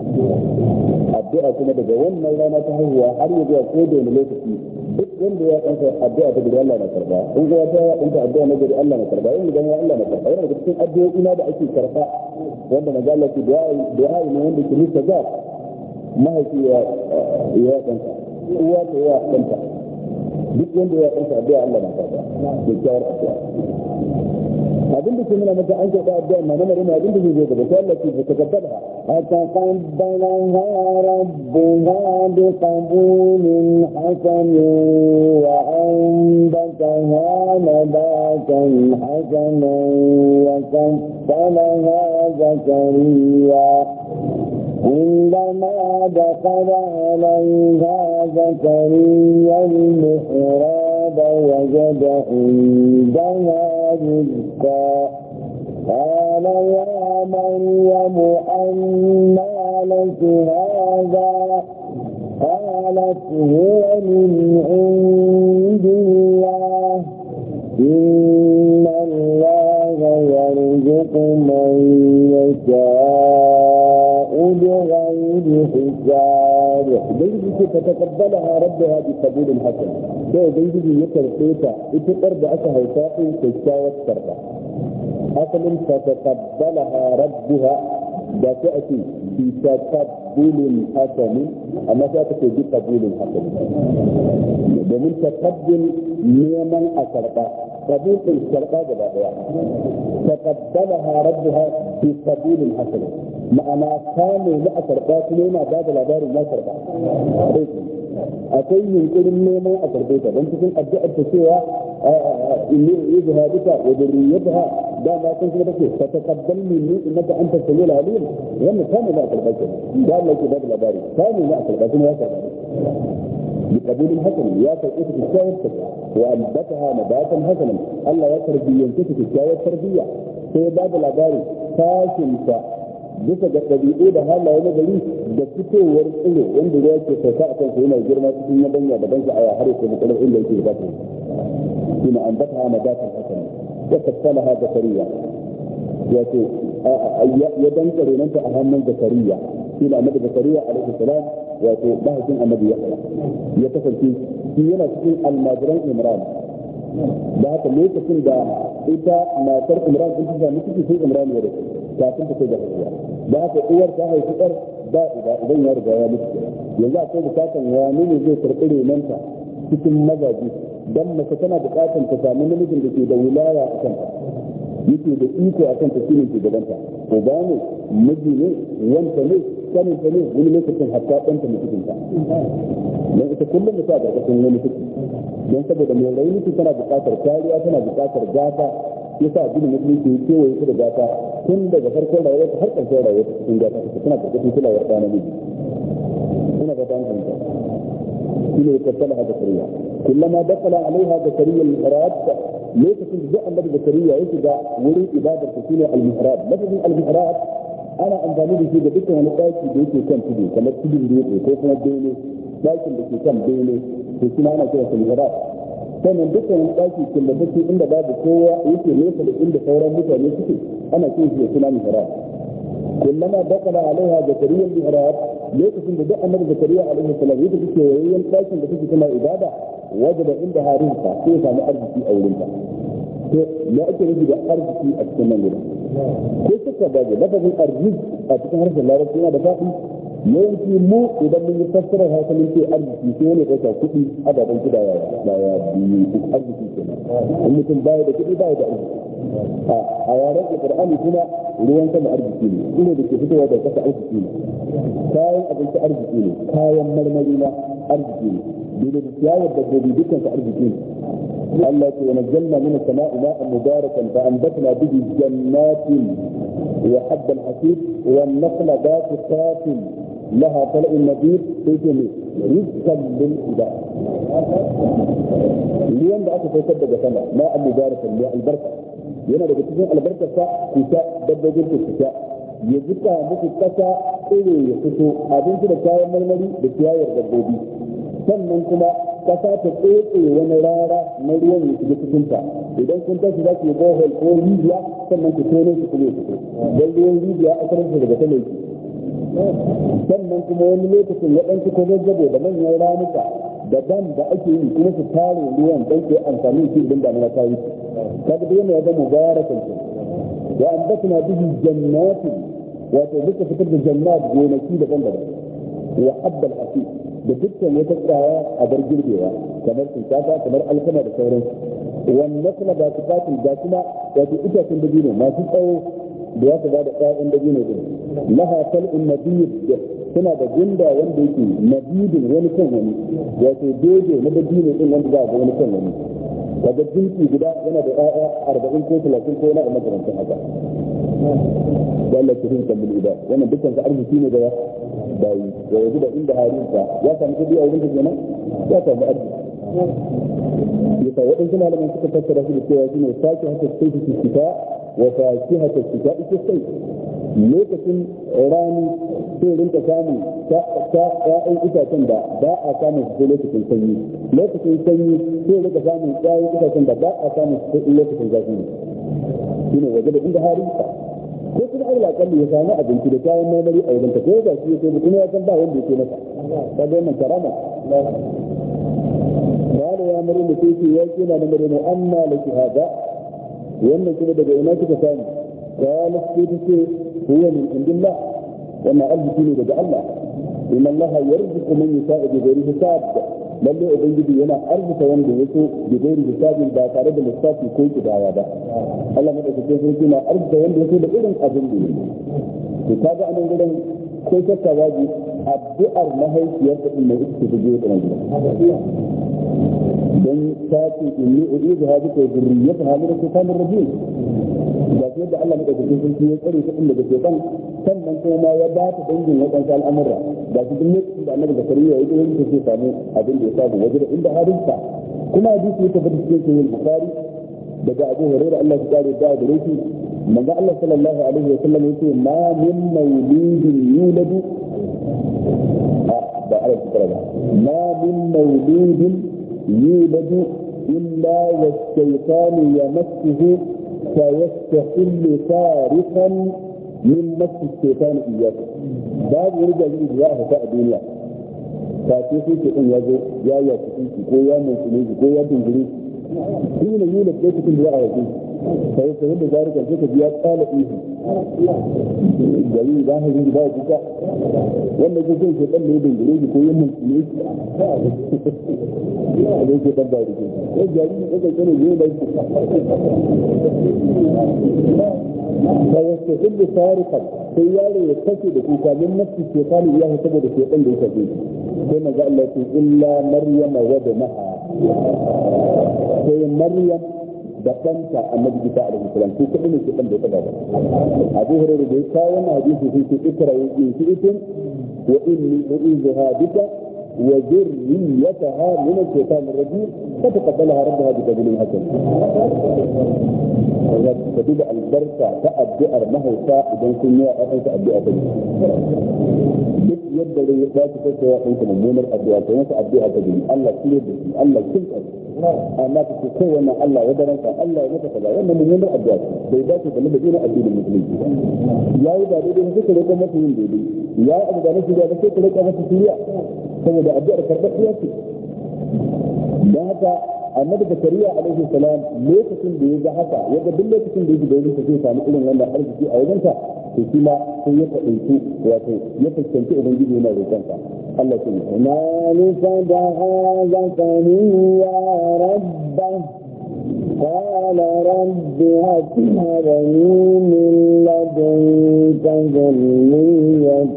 addu'a kuma daga wannan rana ta haihuwa har yanzu zuwa ko da wani lokaci wanda ya kanta addu'a ta gari Allah na karba in ga wata ya kanta addu'a na gari Allah na karba in ga ya Allah na karba yana daga cikin addu'o'i na da ake karba wanda manzo Allah ke du'a du'a ne wanda ke nuka za mahaifi ya ya kanta uwa ta ya kanta duk wanda ya kanta addu'a Allah na karba kyakkyawar addu'a abin da ke nuna maka an karɓa addu'a na namari ne abin da zai zo gaba sai Allah ke ta kaddara a taqabbala ha rabbuha bi qabulin hasan wa anbataha nabatan hasanan wa kaffalaha zakariya كلما دخل عليها زكريا المحراب قد وجد عندنا رزقا قال يا مريم أنى لك هذا قالت هو من عند الله إن الله يرزق من يشاء الجارح بيجي فتقبلها ربها بقبول حسن ده بيجي يكرسيتا اتقر بأسها وفاقه تجاوز كربا أصل فتقبلها ربها ده تأتي بتقبل حسن أما تأتي بقبول حسن ده تقبل نيما أسرقا قبول الشرقاء جبابها تقبلها ربها بقبول الحسن ma'ana kame na a karɓa kuma yana ba da labarin ya karɓa akwai yunkurin neman a karɓe ta don cikin addu'ar ta cewa inni yuzha bika wa dhurriyyataha da ma kun kuma take ta taqabbal minni innaka anta samiul alim wannan kame na a karɓa ke da Allah ke ba da labari kame na a karɓa kuma ya karɓa بقبول حسن يا تربية الشاي وأنبتها نباتا حسنا ألا يتربي ينتفك الشاي التربية في باب الأداري فاشل bisa ga ɗabi'u da halaye na gari da fitowar tsiro wanda ruwa ke sauka a kansa yana girma cikin yabanya da bansa aya har yake bukular inda yake ba ta shi na ambata ana datan hakan da tattala ha zakariya wato ya ce danka renanta a hannun zakariya shi na annabi zakariya alaihi salam wato mahaifin Amadu ya ya kasance shi yana cikin almajiran imran da haka lokacin da ita matar imran sun ta samu ciki sai imran ya rasu kafin ta kai da haihuwa da haka uwar ta haifi ɗar ba ida idan ya riga ya mutu yanzu akwai bukatan ya ne zai karɓi renonta cikin mazaji dan mace tana bukatan ta samu namijin da ke da wilaya a kanta yake da iko a kanta shi ne ko ba ne miji ne wanta ne ta ne wani lokacin hatta ɗanta mutukinta don ita kullum mutu a ƙarƙashin wani ciki don saboda mai rauni tana bukatar kariya tana bukatar gata yasa addinin musulunci ya kewaye su da gata tun daga farkon rayuwar har ƙarshen rayuwar cikin gata su suna ƙarƙashin kulawar ɗa namiji suna ga ɗan kanta shi ne tattala haka kariya kullama dakala alaiha da kariyar mihrab lokacin da duk annabi da kariya ya shiga wurin ibadar su shine al-mihrab lafazin al-mihrab ana amfani da shi ga dukkan wani ɗaki da yake kan tudu kamar tudun dutse ko kuma bene ɗakin da ke kan bene to shi ana kira sa mihrab sannan dukkan ɗaki killatacce inda babu kowa yake nesa da inda sauran mutane suke ana cin shi da suna mihrab kullama dakala alaiha zakariya mihrab lokacin da duk annabi zakariya alaihi salam yake cikin yayin ɗakin da suke kuma ibada wajaba inda harin ka sai ya samu arziki a wurin ka to me ake nufi da arziki a cikin nan ne ko suka baje lafazin arziki a cikin harshen larabci yana da fa'i mulki mu idan mun yi fassarar hausa mun ce arziki sai wani ɗauka kuɗi ababen kuɗa ya ya biyu duk arziki ke in mutum baya da kuɗi baya da arziki a yaren alƙur'ani kuma ruwan sama arziki ne kuma da ke fitowa da kasa arziki ne kayan abinci arziki ne kayan marmari na arziki ne dole da ciyawar dabbobi dukkan su arziki ne Allah ce wani janna mana sama'i ma'an mubarakan fa ambatna bihi jannatin wa habbal hasib wa naqla batu fatin laha tal'un nadir sai ce ne rizqan lil ibad ruwan da aka saukar daga sama ma abu barakan ya albarka yana daga cikin albarkarsa ku sha dabbobin ku sha ya jika maku kasa tsire ya fito abinci da kayan marmari da ciyayar dabbobi sannan kuma kasa ta tsotse wani rara na ruwan ya shiga cikin ta idan kun tashi za ku yi bohol ko rijiya sannan ku tono su kuma ya fito don ruwan rijiya asalin daga talauci sannan kuma wani lokacin waɗansu ko zazzabo da manyan ramuka da dam da ake yi kuma su tare ruwan don ke amfani shi idan da na kayi kaga dai ya zama mubarakan shi wa ambatna bihi jannatin wato duka fitar da jannat gonaki daban-daban wa habbal asif da dukkan wata tsaya a bar girbewa kamar shinkafa kamar alkama da sauransu wannan kuma ga su fatin ga kuma wato itacen dabino masu tsawo da ya ba da ƴaƴan dabino din laha sal'un nabiyyid suna da gunda wanda yake nabidin wani kan wani wato dodo na dabino din wanda za a ga wani kan wani kaga jinsi guda yana da ƴaƴa arba'in ko talatin ko yana da makarantar haka da Allah ke hinta bil ibad wannan dukkan ka arziki ne da bayi da yanzu da inda harinsa ya samu kudi a wurin da kenan ya samu arziki yasa waɗansu malaman suka fassara su da cewa shi ne sake haka sai su fita wa sake haka fita ita sai lokacin rani sai rinka samu ta ƴaƴan itacen da ba a samun su sai lokacin sanyi lokacin sanyi sai rinka samun ƴaƴan itacen da ba a samun su sai lokacin zafi ne shi ne waje da inda harin ko kuma aula kalli ya samu abinci da kayan marmari a wajen ta ko da shi ya sai mutum ya san ba wanda ya ce masa kaga wannan karama taala yamaru da teki ya ce na da mu amma la ki hada wannan kuma daga ina kika sani qala ki tace huwa min indillah wanda alhu kine daga allah inna allah yarzuqu man yasha'u bi ghairi hisab lalle ubangiji yana arzuta wanda yake bi ghairi hisab ba tare da lissafi ko kidaya ba allah ne da ke cikin arzuta wanda yake da irin abin da yake to kaga anan gidan ko tattawaji addu'ar mahaifiyar ta ɗin mai ita ta zuwa ɗan gida don ta ce in yi uzu ha duka zurriyata da ke samun rajin ga shi yadda Allah madaukakin sarki ya tsare ta inda ke kan sannan kuma ya ba ta dangin waɗansu al'amura ga shi duk lokacin da annabi zakariya ya zo yanzu sai samu abin da ya samu wajen inda harinsa kuma hadisi ya tabbata cikin sahih bukhari daga Abu Hurairah Allah ya kare da gare shi manzo Allah sallallahu alaihi wa sallam yace ma min mawlidin yuladu ba a ba ma min mawlidin يولد إلا والشيطان يمسه فيستحل فارقا من مس الشيطان إياه بعد ورد الإجراء تأدينا فاتيخي تقول يجو يا يا تقول يا من تقول يا يا دون يولد ليس كل رأى يجو فيستحل ذلك الفكر بيات قال إيه gari za ka yi ba kuka wanda ke dangare shi ko yin mulki ne a zai da sai gari ne kai zai da shi ba ya ce inda tarikan sai yaro ya kashe da kuka min nafsi shekani iya saboda shekan da ya kashe sai maza Allah ce illa maryama wa da maha sai da ɗanta annabi isa alaihi salam ko kaɗai ne ke ɗan bai taɓa abu da ya kawo wannan hadisi sai ce ikra yake shi wa inni bika وذريتها من الشيطان الرجيم فتقبلها ربها بقبول حسن. فتبقى البركة ما هو ساء إذا كنت أخي بئر أخي. يبدأ لي ذاك فتوى أنت من مونة أبي أبي أبي أبي الله كله الله كله أنا تكسو أن الله يبرنك الله يبرنك الله يبرنك من مونة أبي أبي ذاك فلما بينا أبي المسلمين يا إذا بيدي هكذا لكم مسلمين بيدي يا أبي دانسي يا ذاك فلما بينا أبي saboda addu'ar karɓaɓɓiya ce da haka annabi zakariya alaihi salam lokacin da ya ga haka ya ga duk lokacin da yake da yake zai samu irin wannan arziki a sa to shi ma sai ya faɗinci wato ya fuskanci ubangiji yana sa Allah ya yi na nufa da haza ya rabba قال رب أكبرني من لدنك ذلية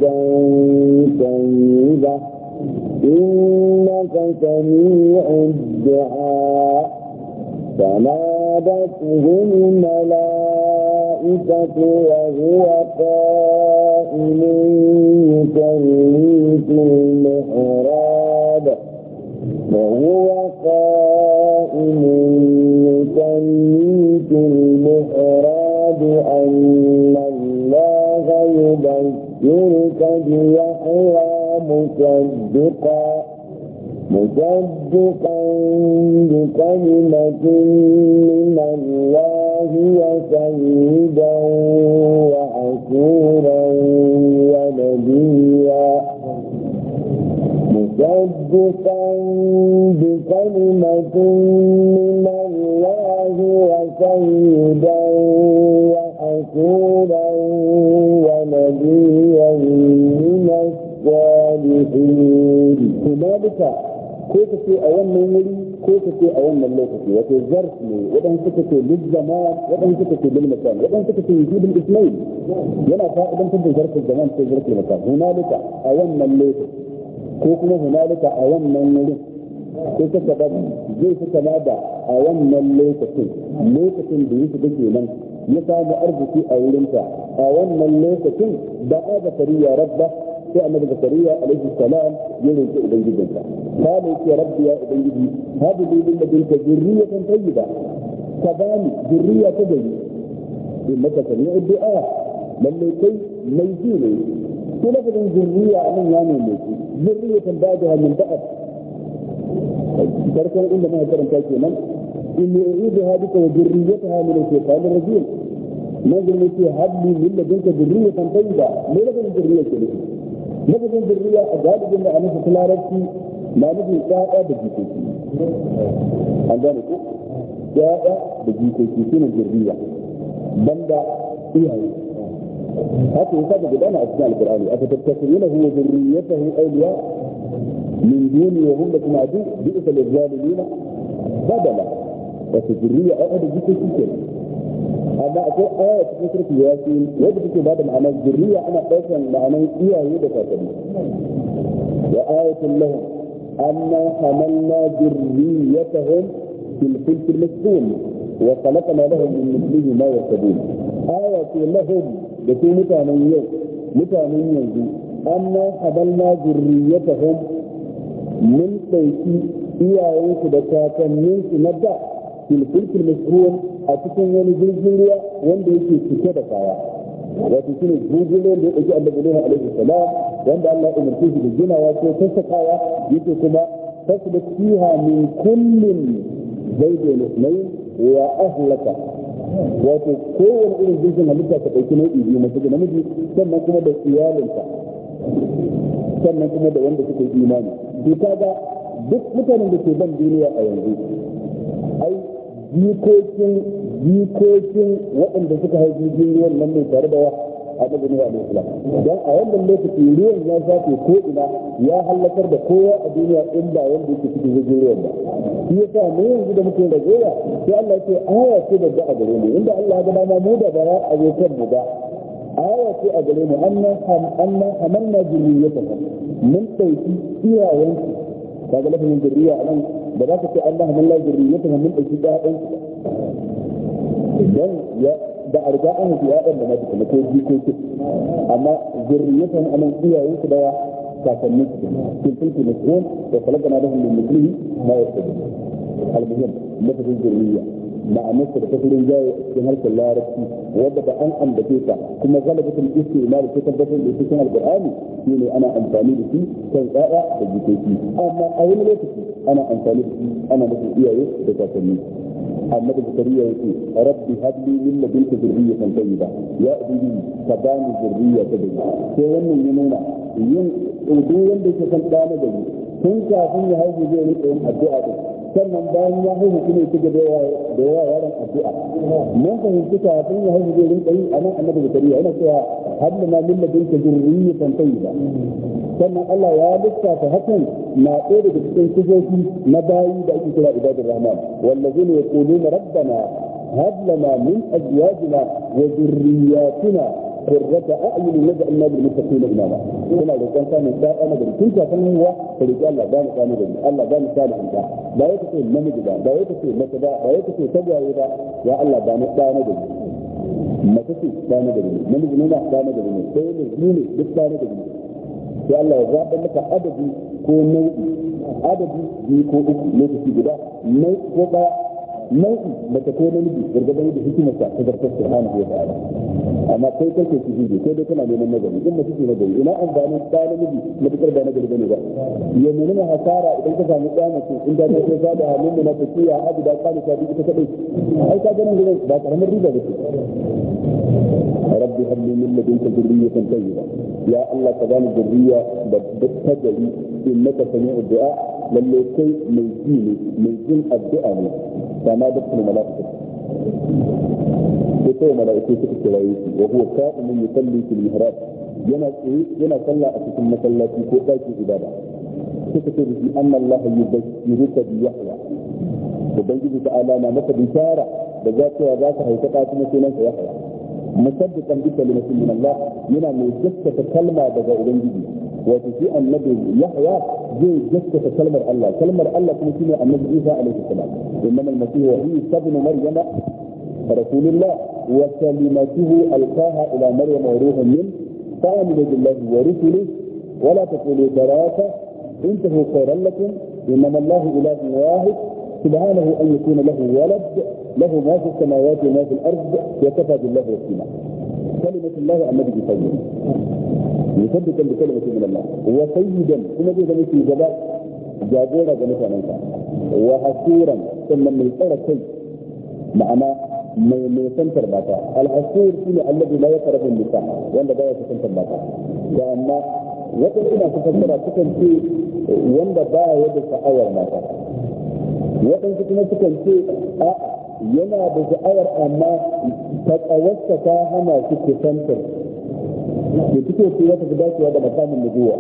طيبة إنك سميع الدعاء فنادته الملائكة وهو قائل يصلي المحراب وهو قائل يصلي المحراب أن الله يبشرك بيحيى مصدقا مصدقا بكلمة من الله وسيدا وحسورا ونبيا مصدقا بكلمة من الله وسيدا وحسورا ونبيا صادقون هنالك كيف في أولا ولي كيف في أولا لوكتي وفي الظرف لي وإن سكت للزمان وإن سكت للمكان وإن سكت يجيب الإثنين ينا فائدا في ظرف الزمان في ظرف المكان هنالك أولا لوكتي كيف هنالك أولا ولي كيف سبب gaba zai fi kama da a wannan lokacin lokacin da yake dake nan ya samu arziki a wurinta sai annabi zakariya alaihi salam ya roki ubangijinsa kana yake rabbi ya ubangiji hadu li min ladunka zurriyatan tayyiba ka bani zurriya ta gari innaka sami'ud du'a lalle kai mai ji ne ko lafazin zurriya anan ya ne mai ji zurriyatan ba'daha min ba'd farkon inda muka karanta kenan inni u'iduha bika wa zurriyataha min ash-shaytanir rajim manzon yake habli min ladunka zurriyatan tayyiba me lafazin zurriya ke nufi lafazin zurriya a galibin da anisa ta larabci na nufin ƴaƴa da jikoki an gane ko ƴaƴa da jikoki su ne zurriya banda iyaye haka yasa da gudana a cikin alkur'ani aka tattakuna huwa zurriyatahu awliya من دوني وهم لكم عدو بئس للظالمين بدلا بس الذريه اقعد اديكم كتير amma akwai aya cikin surfi ya ce wadda take ba da ma'anar zuriya ana ɗaukar ma'anar iyaye da kakanni wa ayatul lahum anna hamalna zurriyatahum fil fulkil masjid wa khalaqna lahum min mithlihi ma yarkabun aya ce lahum da su mutanen yau mutanen yanzu anna hamalna zurriyatahum mun ɗauki iyayensu da kakanninsu na da fil fulkil a cikin wani jirgin ruwa wanda yake cike da kaya wato shine jirgin ruwan da ya ɗauki annabi Nuhu alaihi salam wanda Allah ya umarce shi da ginawa ko kaya, yake kuma tasbut fiha kullum zai zaidul ismail wa ahlaka wato kowane irin jirgin halitta ta ɗauki nau'i biyu mace da namiji sannan kuma da iyalinta sannan kuma da wanda suka yi imani to kaga duk mutanen da ke ban duniya a yanzu ai jikokin jikokin waɗanda suka haifi jirgin nan mai tare da a ne alaihi salam don a wannan lokaci ruwan ya shafe ko ina ya hallakar da kowa a duniya in ba wanda yake cikin jirgin ruwan ba shi sa mu yanzu da muke goya sai Allah ya ce aya ce da a gare mu inda Allah ya ga dama mu da bara a zo mu ba aya ce a gare mu annan hamanna annan ya jiriyatan mun dauki iyayen kaga lafazin a anan da za ka ce Allah man la zurriyata min dauki da ɗan su dan ya da arga an haifi ya'yan da na duka na ko ce amma zurriyatan anan iyayen su daya kakannin su sun fulki na da falaka na da hulun mutum na ya da al-muhim lafazin zurriya معنوس بتفلين جاي في هالك الله ربي وبدا ان أم بكيتا كما غلبة الاسي ما لكي تبدا الاسيسان القرآني يعني يقول انا انفاني بكي كان قائع بجيتيتي اما اول ليتك انا انفاني بكي انا مثل ايه ايه بتاتني اما بكترية يكي ربي هب لي من لدنك ذرية طيبة يا ابني تباني ذرية تبني سيوني ينونا يوم ودوين بكي سنتانا بني كنت عفوني هاي جيبيني ام الدعاء sannan bayan ya haihu kuma ya cigaba da yawa yaron addu'a mun fahimci kafin ya haihu zai rinka yi a nan annabi zakariya yana cewa hannu na lilla binka zurriyatan tayyiba sannan Allah ya lissafa hakan na ɗaya daga cikin kujoji na bayi da ake kira ibadur rahman wallazina yaquluna rabbana هب لنا من ازواجنا وذرياتنا قرة أعين نجعلنا الى الله كما لو كان كان إنسان أنا جل كنت أفهم هو فرجع الله دام كان جل الله دام كان أنت لا يتكي نمجد لا يتكي مكدا لا يتكي تبع إذا يا الله دام كان جل ما تكي كان من نمجد نما كان جل سيد الزيني بس كان جل يا الله يزاد لك أدبي ko nau'i adadi biyu ko uku lokaci guda nau'i ko ɗaya nau'i mace ko namiji gargadar da hikimarsa amma kai kake ciki ne kai dai kana neman nagari in mace ce nagari ina amfani da namiji matukar ba nagari bane ba ya menene hasara idan ka samu ɗa mace in da ta za da hannun mu na tafiya abu da kana ta ita kadai ai ka ganin gidan ba karamar riba ba rabbi habli min ladunka dhurriyatan tayyiba ya allah ka bani dhurriya da tajri innaka sami'ud du'a lalle kai mai ji ne mai jin addu'a ne kama da malaikatu kawai mala'iku suka kiraye shi wa huwa qa'imun yusalli fil mihrab yana tsaye yana salla a cikin masallaci ko ɗakin ibada suka ce da anna Allah yubashiruka bi yahya ubangiji ta'ala na maka bishara da za ta za ka haifa ɗa kuma sunan sa yahya musaddiqan bi kalimatin min Allah yana mai gaskata kalma daga ubangiji wato shi annabi yahya zai gaskata kalmar Allah kalmar Allah kuma shine annabi Isa alaihi salam inna al masih wa isa ibn maryama رسول الله وكلمته ألقاها إلى مريم وروح منه فآمنوا بالله ورسله ولا تقولوا ثلاثة انتهوا خيرا لكم إنما الله إله واحد سبحانه أن يكون له ولد له ما في السماوات وما في الأرض وكفى بالله وكيلا كلمة الله النبي طيب مصدقا بكلمة من الله وسيدا كما جاء في جباء جابورا جميعا وحسورا ثم من الأرض معناه mai mai nisantar bata al'asir shi ne allabi la ya karabin nisa wanda baya santar bata da amma wata su kusantar suka ce wanda baya yadda sha'awar mata wata kuma suka ce a yana da sha'awar amma ta tsawasta ta hana shi kusantar da suke ce wata su dacewa da makamin nubuwa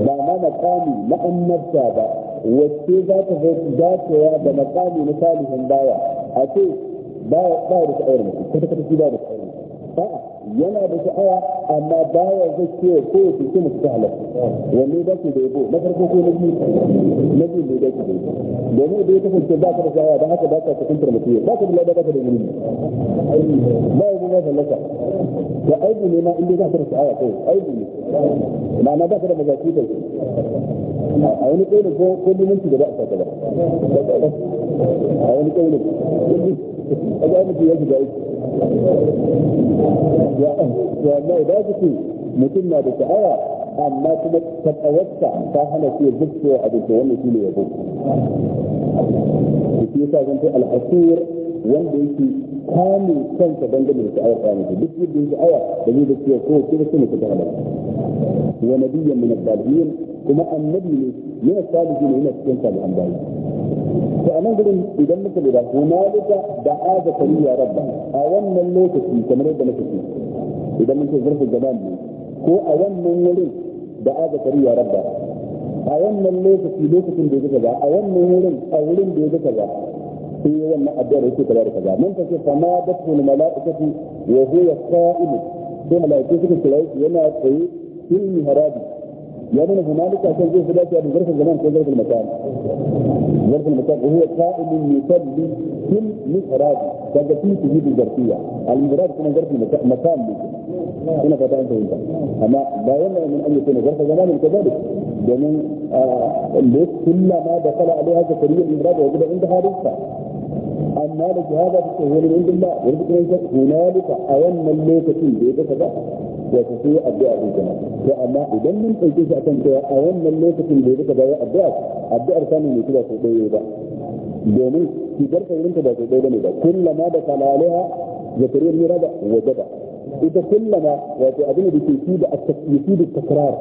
ba ma makami na annabta ba wacce za ta dacewa da makami na salihin bawa a ce ba ba da sha'awar mutum kwata kwata shi ba da sha'awar mutum a'a yana da sha'awa amma bawa zai ce ko ya ce mutum ta halatta wanne da ke da yabo na farko ko na biyu na biyu ne da ke da yabo domin da ya kasance ba ka da sha'awa don haka ba ka cikin tarmakiya ba ka da lada ba ka da wuri ba ya zama halatta da aibu ne ma inda za ka da sha'awa kai aibu ne ma'ana ba ka da mazaki kai a wani kaulin ko ko limanci da ba a saka ba a wani kaulin a ga mutum ya shiga aiki ya amma idan ku ce mutum na da sha'awa amma kuma takawarsa ta hana shi ya zuwa a dukkan wannan shi ne yabo shi yasa zan ce al'asir wanda yake kame kansa dangane da sha'awar ta mutum duk yadda ya sha'awa da zai da cewa ko kuma suna ta halaka wa nabiyyan min al-babiyin kuma annabi ne yana salihi ne yana cikin salihan bayi to anan gurin idan muka lura hunalika da aza ya rabba a wannan lokaci kamar yadda muka ce idan muka zurfa gaban ne ko a wannan wurin da aza kariya rabba a wannan lokaci lokacin da ya zaka ba a wannan wurin a wurin da ya zaka ba sai wannan addu'ar yake kaza da kaza mun kace fa ma datul malaikatu wa huwa qa'im sai malaiku suka kira yana tsaye fil mihrabi يعني من هنالك عشان جه فلاتي يعني ظرف الزمان في ظرف المكان ظرف المكان وهو قائم يسلم كل مفرد كذا في تجيب الظرفية المفرد كنا ظرف المكان مكان بيجي هنا قطع انت اما لا يمنع من ان يكون غرفه زمان كذلك لانه آه كل ما دخل عليها زكريا المفرد وجد عندها رزقا أما لك هذا فهو من عند الله ولكن هنالك أين الملوكة في بيتك wato sai addu'a din kenan to amma idan mun ɗauke shi akan cewa a wannan lokacin da ya rika bayar addu'a addu'ar samun mutu ba ko ɗaya ba domin cutar saurinta ba ko ɗaya bane ba kullama da kalaliha ya kariyar mira da wajaba ita kullama wato abin da ke fi da yake da takrar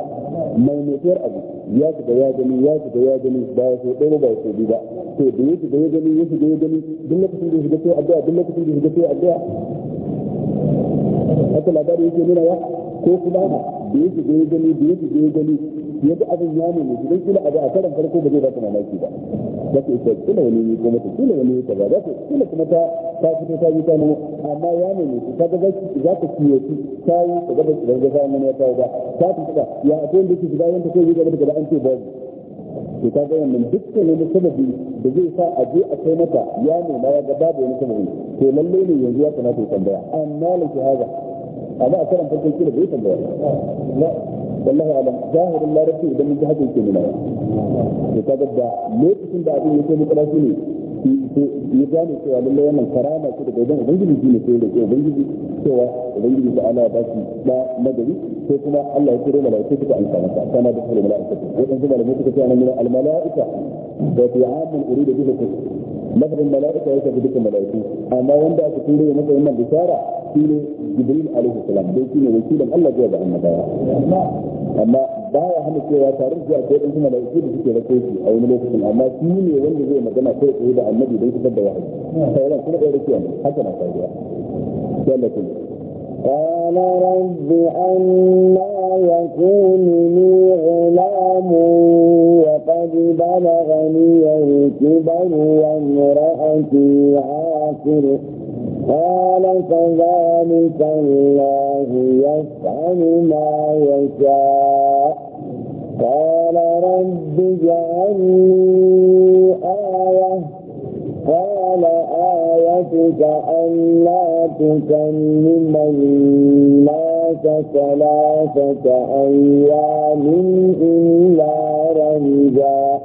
mai mutuwar abu ya shiga ya gani ya shiga ya gani ba ya so ɗaya ba ya so biyu ba to da ya shiga ya gani ya shiga ya gani duk lokacin da ya shiga sai addu'a duk lokacin da ya shiga sai addu'a haka labari yake nuna ya ko kuma da yake da ya gani da yake da ya gani ya ga abin ya ne shi dan kila abu a karan farko ba zai ba ka mamaki ba da ka isa kila wani ne kuma ta kila wani ta ba za ka kila kuma ta ta fito ta yi tano amma ya ne shi ka ga za ta kiyo shi ta yi ta ga ba ka ga samun ya kawo ba ta fi ta ya a tsayin da yake shiga yanta ko yi gaba da an ce ba to ta ga wannan dukkan wani sababi da zai sa a je a kai mata ya ma ya ga babu wani sababi to lallai ne yanzu ya kana to tambaya amma laki haza هذا أكرم في الكيلو بيت الله لا والله أعلم ظاهر الله ربي إذا من جهة الكيلو لا يتابع دا ليت سن بعدين يكون كلاسيني في في نظام سوى لله يمن كرامة كده بيدان وبنجي بيجي نسيله كده وبنجي سوى وبنجي سألا بس لا ما دري سوى الله يسير ولا يسير كده إنسان كما دخل الملائكة وإنزل على موتك سيانا من الملائكة وفي عام أريد به كسر لفظ الملائكة ليس في ذكر الملائكة أما وين بقى تقول لي مثلا من بشارة تقول جبريل عليه السلام بيكون وكيلا الله جاب عن مدايا أما بايا هم كي يتعرف جاء كي أنت ملائكة بذكر الكيسي أو من أما تقول لي وين بقى مدنا كي يتعرف النبي بيكون فبدا واحد فأولا كنا غير كيان حتى نعطيها كيان قال رب أنا يكون لي غلام وقد بلغني الكبر وامرأتي عاقر قال كذلك الله يفعل ما يشاء قال رب اجعل قال آيتك ألا تكلم الناس ثلاثة أيام إلا رمزا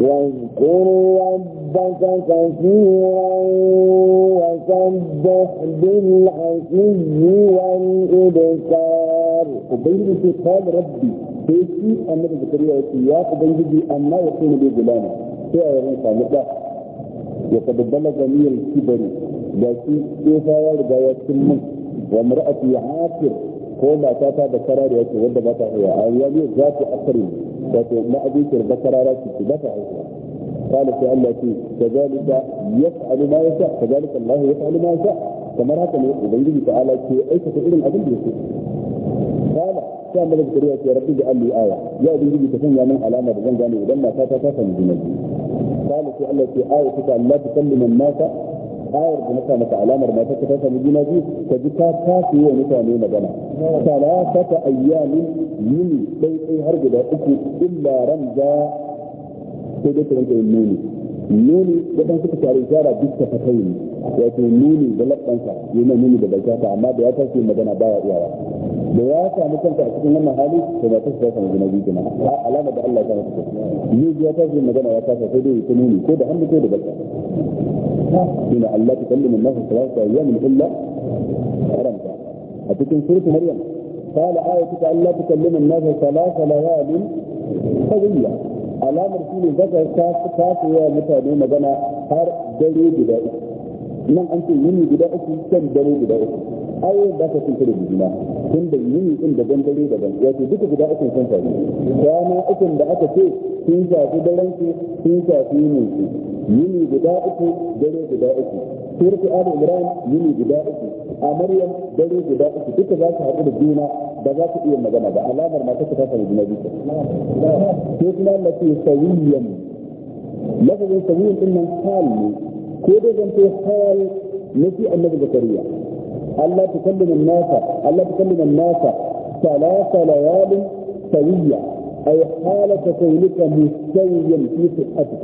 واذكر ربك كثيرا وسبح بالعشي والإبكار وبين قال ربي بيتي أمر زكريا يا بي أما يكون بي غلاما sai a وقد بلغ لي الكبر لكن كيف يرجع يتم وامرأتي عاقر ko أتاتا بكرا da ودى ce wanda ba ذات iya a ما أبيك البكرا asari wato ma'abuciyar da قال في الله في كذلك يفعل ما يشاء كذلك الله يفعل ما يشاء كما رأت أبيه تعالى في أي تفعيل الأبد يسوء قال كان ملك كريا يا ربي جعل لي آية يا أبيه تفهم يا من ألامة بزن جاني ولما تاتا تاتا من جنجي الثالثة التي آية لا تكلم الناس آية مثلا علامة ما تكتبها من دينا دي تجدها كافية مثلا مدنة ثلاثة أيام من بيت هرجل أكو إلا رمزا سيدة تجدت أنت nuni wadan suka tare ishara duk ta fatai ne wato nuni da labbansa yana nuni da bakinsa amma da ya tashi magana baya iyawa da ya samu kanta a cikin wannan hali to ba ta shi samu gina biyu kenan a alama da Allah ya samu ta ne ya tashi magana ya tashi sai dai ta nuni ko da hannu ko da bakin ina Allah ta kallama nasu salatu ayyamin illa haramta a cikin surat maryam قال آية أن لا تكلم الناس ثلاث ليال سوية alamar shi ne daga ta ta mutane magana har dare guda uku nan an ce yini guda uku kan dare guda uku ai ba ka cikin da juna tun da yini din da dan dare daban ce duka guda uku sun faru rana ukun da aka ce sun shafi daren su sun shafi yini yini guda uku dare guda uku surtu al imran yini guda uku a maryam dare guda uku duka za su haɗu da juna ba za su iya magana ba alamar mata ta fasa da juna duka sai kuma Allah ce sawiyan lafazin sawiyan din nan hal ne ko dai zan ce hal na fi annabi zakariya Allah ta kallama nasa Allah ta kallama nasa salasa layalin sawiya أي حالة كونك مستويا في صحتك.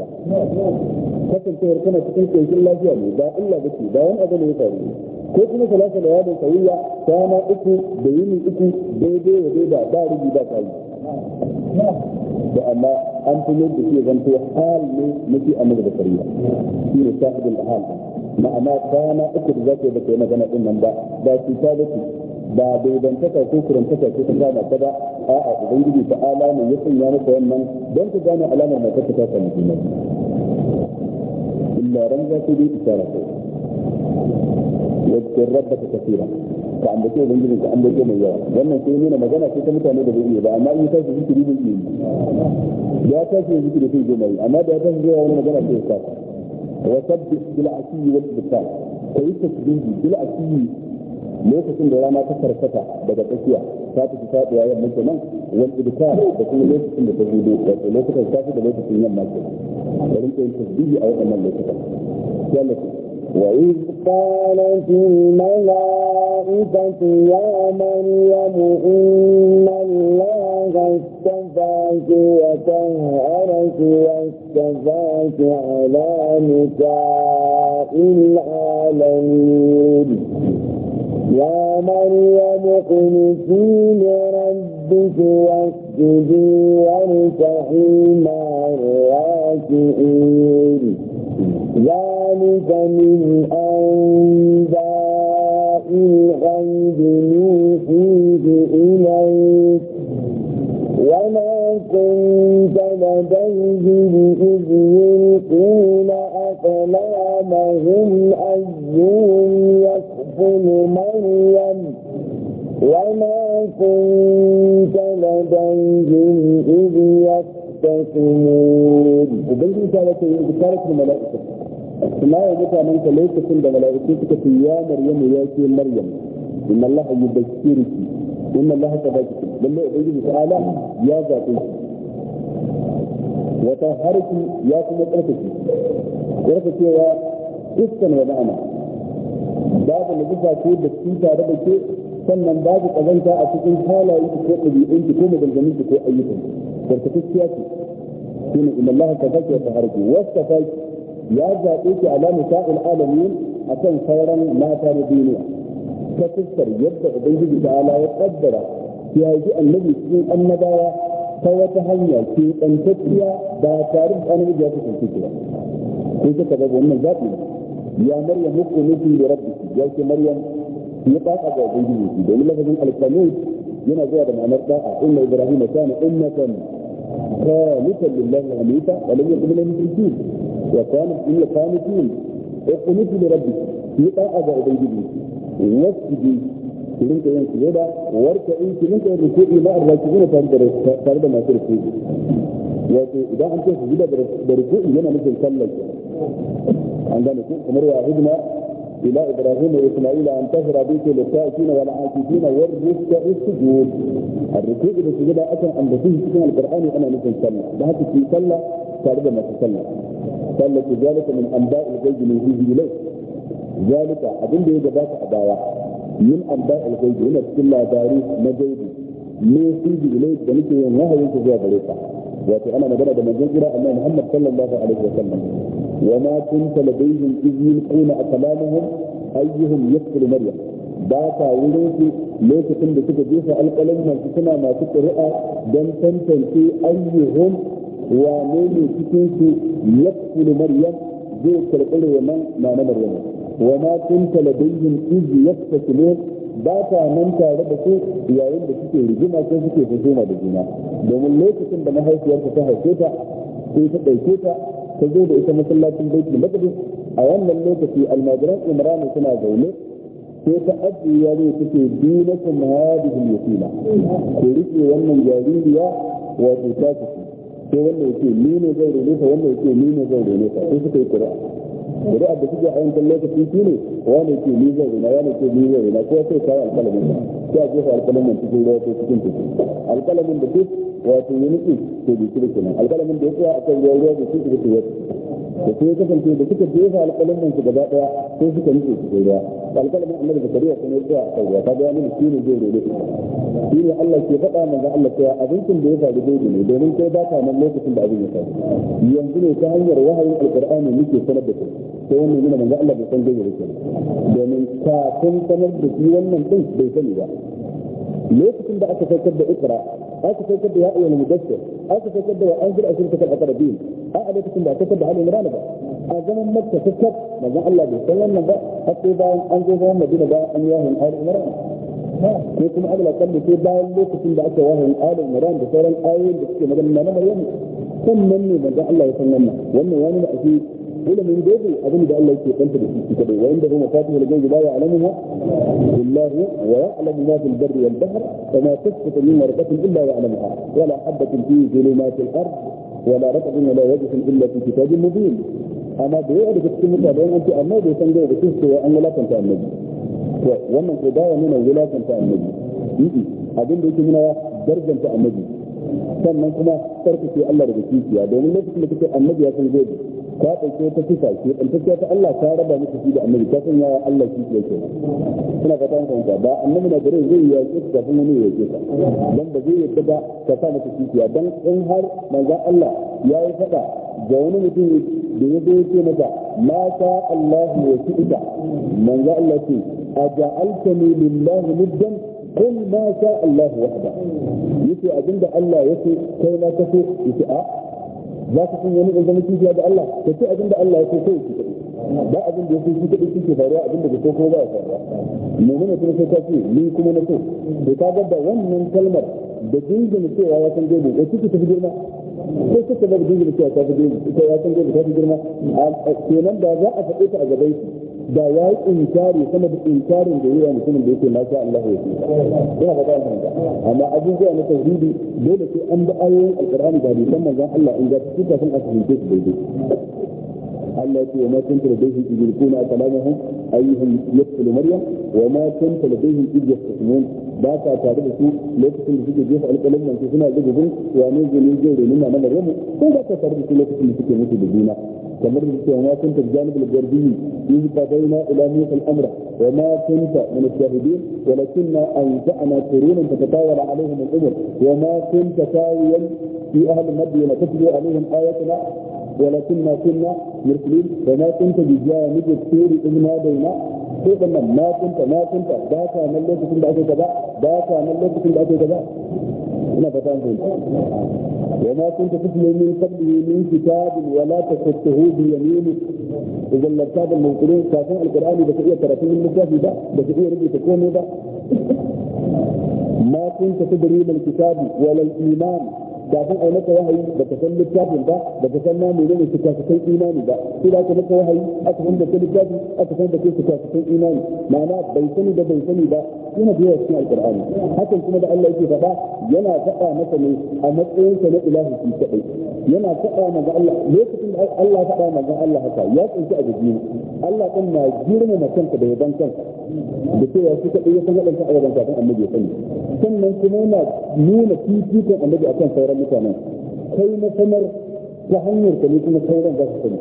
كسر كنا تكون كيف الله جميل، لا إلا بك، لا أبدا يفعل. ko kuma salasa da yadon sauya kwana uku da yini uku daidai wa daidai ba rubi ba ta yi da amma an fi da ke zanto hal ne mafi a da sariya shi ne sahibin hal ma'ana kwana uku da zaka yi da yi magana din nan ba ba su ta da ba daidantaka ko kurantaka ko ta gana ta ba a'a ubangiji ta ala ne ya sanya maka wannan don ka gane alamar mai kasa ta sami juna illa ran za ku bi isara ko yadda rabbata kasira mai yawa wannan sai nuna magana sai ta mutane da bai ba amma in ta shi zikiri bai yi ya ta shi zikiri sai zo mai amma da ta shi zai wani magana sai ta wa sabbi bil asiyi wal ibta ko yi tasbihi bil asiyi lokacin da rana ta farfata daga tsakiya ta tafi faduwa yamma kenan wal ibta da kuma lokacin da ta zo wato lokacin ta da lokacin yamma kenan garin ta yi tasbihi a wannan lokacin sai Allah وإذ قالت الملائكة يا مريم إن الله استفاك وتهرك واستفاك على نساء العالمين يا مريم اقنتي لربك واسجدي وارتحي مع الراكعين ذلك من أنباء الغيب نوحيه إليك وما كنت لديهم إذ يلقون أقلامهم أيهم يكفل مريم وما كنت لديهم إذ يختصمون وبين ذلك الملائكة kuma ya mutanen ka lokacin da mala'iku suka ce ya maryamu ya ce maryam inna Allah yubashshiruki inna Allah tabaki lalle ubangiji ta'ala ya zabe wa tahariki ya kuma tsarkake tsarkakewa iskan wa ma'ana babu najisa ko da cuta da ke sannan babu kazanta a cikin halayen ki ko ɗabi'un ki ko maganganun ki ko ayyukan tsarkakakkiya ce shine inna Allah tabaki wa tahariki wasu tafaki ya zaɓe ki ala nisa'il alamin akan sauran mata na duniya ta fuskar yadda ubangiji ta ala ya kaddara ya yi annabi cikin annabawa ta wata hanya ke ɗantacciya ba tare da annabi ya kasance ba ko suka ga wannan zaɓi ya maryam hukumin da rabbi ya ce maryam ya ɗaƙa ga ubangiji domin lafazin alkanut yana zuwa da ma'anar da'a inna ibrahim kana ummatan qanitan lillahi hanifa wa lam yakun minal mushrikeen وكانت هي قانتين اقنت لربك في طاعة عبيده واسجد لنك يوم سجدة واركعي لنك يوم سجدة مع الراكبين فارد ما ترسل وإذا أنت سجدة بركوعي لنا مثل كلك عندما نكون أمر واحدنا إلى إبراهيم وإسماعيل أن تهر بيك للسائسين والعاكسين والركع السجود الركوع بسجدة أكثر أن بسجد القرآن أنا مثل كلك ده في كلك فارد ما تسلك قال لك ذلك من انباء الغيب نوحيه اليك ذلك اظن بيجا باك ابايا من انباء الغيب هنا تقول لا داري ما غيبي نوحيه اليك ذلك يوم ما هو يجي ذلك واتي انا من بمجرى ان محمد صلى الله عليه وسلم وما كنت لديهم اذ يلقون اقلامهم ايهم يقتل مريم ذاك ولوكي لوكي كنت تجيها القلم هل ما تقرا دم تنتهي ايهم wane ne cikin su yakfulu maryam zai karɓi renon na na maryam wa ma kunta ladayhim iz yaktasilun ba ta nan tare da su yayin da suke rigima ko suke husuma da juna domin lokacin da mahaifiyarta ta haife ta sai ta ɗauke ta ta zo da ita masallacin baitul maqdis a wannan lokaci almajiran imrani suna zaune sai ta ajiye yaro take dinakum hadhihi al-yatima ku rike wannan jaririya wato ta sai wanda yake ni ne zai rene ta wanda yake ni ne zai rene sai suka yi ƙuri'a ƙuri'a da suke a yankin lokaci shi ne ni zai rena ni zai ko sai sai a jefa alƙalamin cikin ruwa ko cikin alƙalamin da duk wato yi nufi to bi shi da alƙalamin da ya tsaya a kan ruwa ruwa da da sai kasance da suka jefa alƙalamin su gaba daya sai suka nufe su kai daya alƙalamin annabi da kariya kuma ya tsaya a kai ta ga nuna shi ne zai rere shi ne Allah ke faɗa ga Allah cewa abincin da ya faru zai ne domin kai ba ka nan lokacin da abin ya faru yanzu ne ta hanyar wahayin alƙur'ani muke sanar da kai sai wannan nuna manzo Allah bai san zai rere domin kafin sanar da shi wannan din bai sani ba lokacin da aka saukar da ikra aka saukar da ya ayyana mudassir aka saukar da an zira asirka kan akarabin a a lokacin da aka saukar da halin rana a zaman makka ta kaf maza Allah bai san wannan ba har sai bayan an zo zaman madina bayan an yi wahayin ayar imran ko kuma ala kalli sai bayan lokacin da aka wahayin ayar imran da sauran ayoyin da suke magana na maryam sannan ne maza Allah ya san wannan wannan ya nuna ilimin gobe abin da Allah yake kanta da shi kadai wa inda huma fatihul ghaibi la ya'lamuha billah wa ya'lamu ma fil barri wal bahr kama tasqutu min warqatin illa ya'lamuha wa la habatin fi zulumatil ard wa la ratbin wa la yabsin illa fi kitabin mubin amma da yawa daga cikin mutane an ce amma bai san gaba sun ce an wulakanta annabi to wannan ko baya nuna wulakanta annabi abin da yake nuna darjanta annabi sannan kuma sarkace Allah daga kishiya domin lokacin da kake annabi ya san zai ka ɗauke ta sifa ke ɗantacciya ta Allah ta raba miki shi da annabi ta sanya wa Allah shi ke ke suna fata an fahimta ba annabi na gare zai yi yaƙe kafin wani ya yaƙe ka dan ba zai yaƙe ba ka sa maka kishiya dan in har manzon Allah ya yi faɗa ga wani mutum da ya zo yake maka ma sha Allah ya ci ita manzon Allah ce a ja'altani lillahi muddan kun ma sha Allah wahda yace abinda Allah yake kai na tafi yace a za ka san wani zama kifiya da Allah ka ce abin da Allah ya ce kai ki ba abin da ya ce shi kadai shi faruwa abin da ka so ko ba ya faruwa mu'mina kuma sai ta ce ni kuma na so to ka ga da wannan kalmar da dingin cewa ya san gobe ya ciki ta girma ko suka da dingin cewa ta fi girma ita ya san gobe ta fi girma kenan da za a faɗi ta a gaban shi da ya yi inkari sama da inkarin da yawa mutumin da yake ma sha Allah ya tsira ina ba zan da amma abubuwa na tauhidi dole sai an bi ayoyin alqur'ani da hadisan manzon Allah in ga su kafin a fahimce su daidai Allah ce ma kunta ladaihim idh yulquna kalamahum ayyuhum yaqtulu maryam wa ma kunta ladaihim idh yastahmun ba ka tare da su lokacin da suke jefa alƙalin nan suna zuba gun wa ne zai ne zai renin na mana remu ko ba ka tare da su lokacin da suke mutu da juna كما وما ما كنت الجانب الغربي إذ قضينا إلى ميت الأمر وما كنت من الشاهدين ولكن أنشأنا قرونا تتطاول عليهم الأمر وما كنت ساويا في أهل مدين تتلو عليهم آياتنا ولكن كنا مرسلين وما كنت بجانب الطور إذ نادينا sai ما كنت ما كنت ذاك من ka nan lokacin ذاك من gaba ba ka ذاك وما كنت تتلو من قبله من كتاب ولا تخطه بيمينك اذا الكتاب المبطلون كافون القران بتقيه تراتيب المكافي ده بتقيه رجل تكون ما كنت تدري من الكتاب ولا الايمان kafin a maka wahayi ba ka san littafin ba ba ka san namu ne su kasu imani ba sai da aka maka wahayi aka san da ke littafi aka san da ke su kasu imani ma'ana bai sani da bai sani ba yana da yawa cikin alkur'ani hakan kuma da Allah yake faɗa yana faɗa masa ne a matsayinsa na ilahi shi kaɗai yana faɗa manzon Allah lokacin da Allah faɗa manzon Allah haka ya tsinci a gajiya Allah ɗin na girmama kanka da yaban kanka da cewa shi kaɗai ya san waɗansa a yaban kafin annabi ya sani sannan kuma yana nuna fifikon annabi akan sauran mutanen kai na sanar ta hanyar ka ne kuma sauran za su sani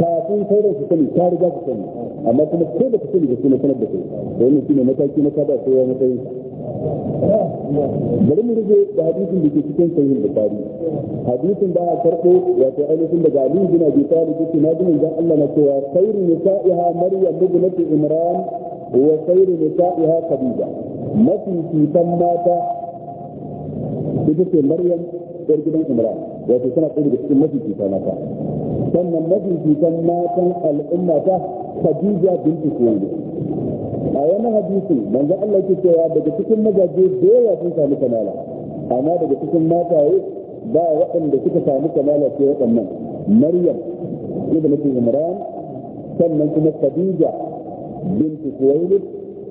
kafin sauran su sani ta riga su sani amma kuma ko da su sani ba su na sanar da kai da wannan shine mataki na kada sai ya matsayin bari mu rage da hadisin da ke cikin sahih bukhari hadisin da aka karbo wato ainihin daga Ali bin Abi Talib yake na bin dan Allah na cewa khairu nisa'iha maryam ibnatu imran wa khairu nisa'iha khadija mafi cutan mata ita ce maryam yar gidan umra wato tana ɗaya daga cikin mafi cutan mata sannan mafi cutan matan al'umma ta khadija binti kuwait a wani hadisi manzo Allah yake cewa daga cikin mazaje da yawa sun sami kamala amma daga cikin mataye ba waɗanda suka sami kamala sai waɗannan maryam ibn imran sannan kuma khadija binti kuwait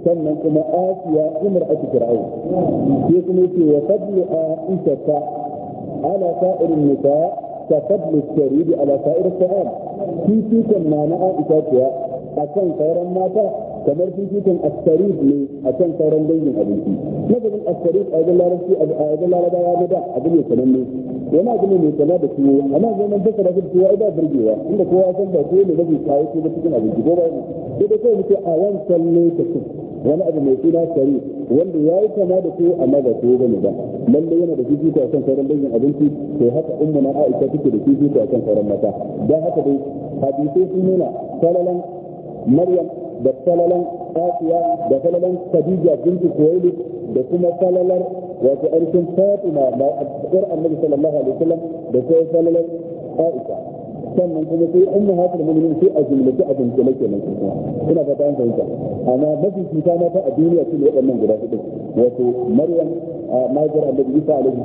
sannan kuma asiya umar a firau sai kuma yake wa fadlu aisha ta ala sa'irin nisa ka fadlu sharidi ala sa'ir sa'am fifikon na na aisha kuwa a kan sauran mata kamar fifikon astarif ne a kan sauran dangin abinci nazarin astarif a wajen larabawa na da abin ne sananne wani abu ne mai kama da tuwo ana zaman da kana da tuwo ai ida burgewa inda kowa san ba tuwo ne da zai kawo ko da cikin abinci ko ba ne sai da kai muke a wancan lokacin wani abu mai suna sari wanda ya yi kama da su amma ba tuwo bane ba lalle yana da fifiko kan sauran dangin abinci sai haka umma na Aisha take da fifiko kan sauran mata don haka dai hadisai sun nuna salalan Maryam da salalan Asiya da salalan Khadija binti Khuwailid da kuma salalar wato arkin fatima da abdar annabi sallallahu alaihi wasallam da sai sallallahu aisha sannan kuma sai ummu hatar mu'minin sai a jumlace a jumlace kenan ina fata an fahimta amma mafi cuta na ta a duniya su ne waɗannan guda hudu wato maryam mahaifiyar annabi isa alaihi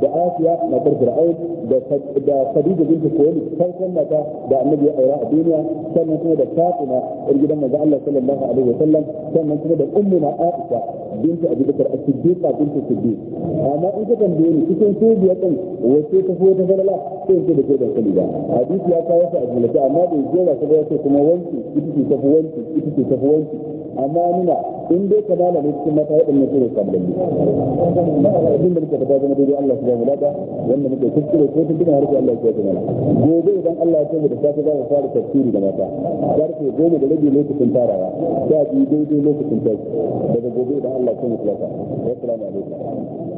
da asiya na matar fir'aun da khadija bintu kuwait farkon mata da annabi ya aura a duniya sannan kuma da fatima yar gidan maza Allah sallallahu alaihi wasallam sannan kuma da ummu na aisha a abi bakar as-siddiq bintu siddiq amma in ka tambaye ni cikin su biyar din wace ta fito ta falala sai da ke da kalida hadisi ya kawo ta a jilata amma bai jera ta ba sai kuma wanki ita ce tafi wanki ita ce tafi wanki amma nuna in dai ka dala ne cikin mata waɗannan su ne sabballi abin da muke fata zama daidai Allah su ba mu lada wanda muke kuskure ko tun har Allah ya ce mana gobe idan Allah ya ce da safe za mu fara tafsiri da mata karfe gobe da rabi lokacin tarawa da bi daidai lokacin tafi daga gobe idan Allah ya ce mu kulaka assalamu alaikum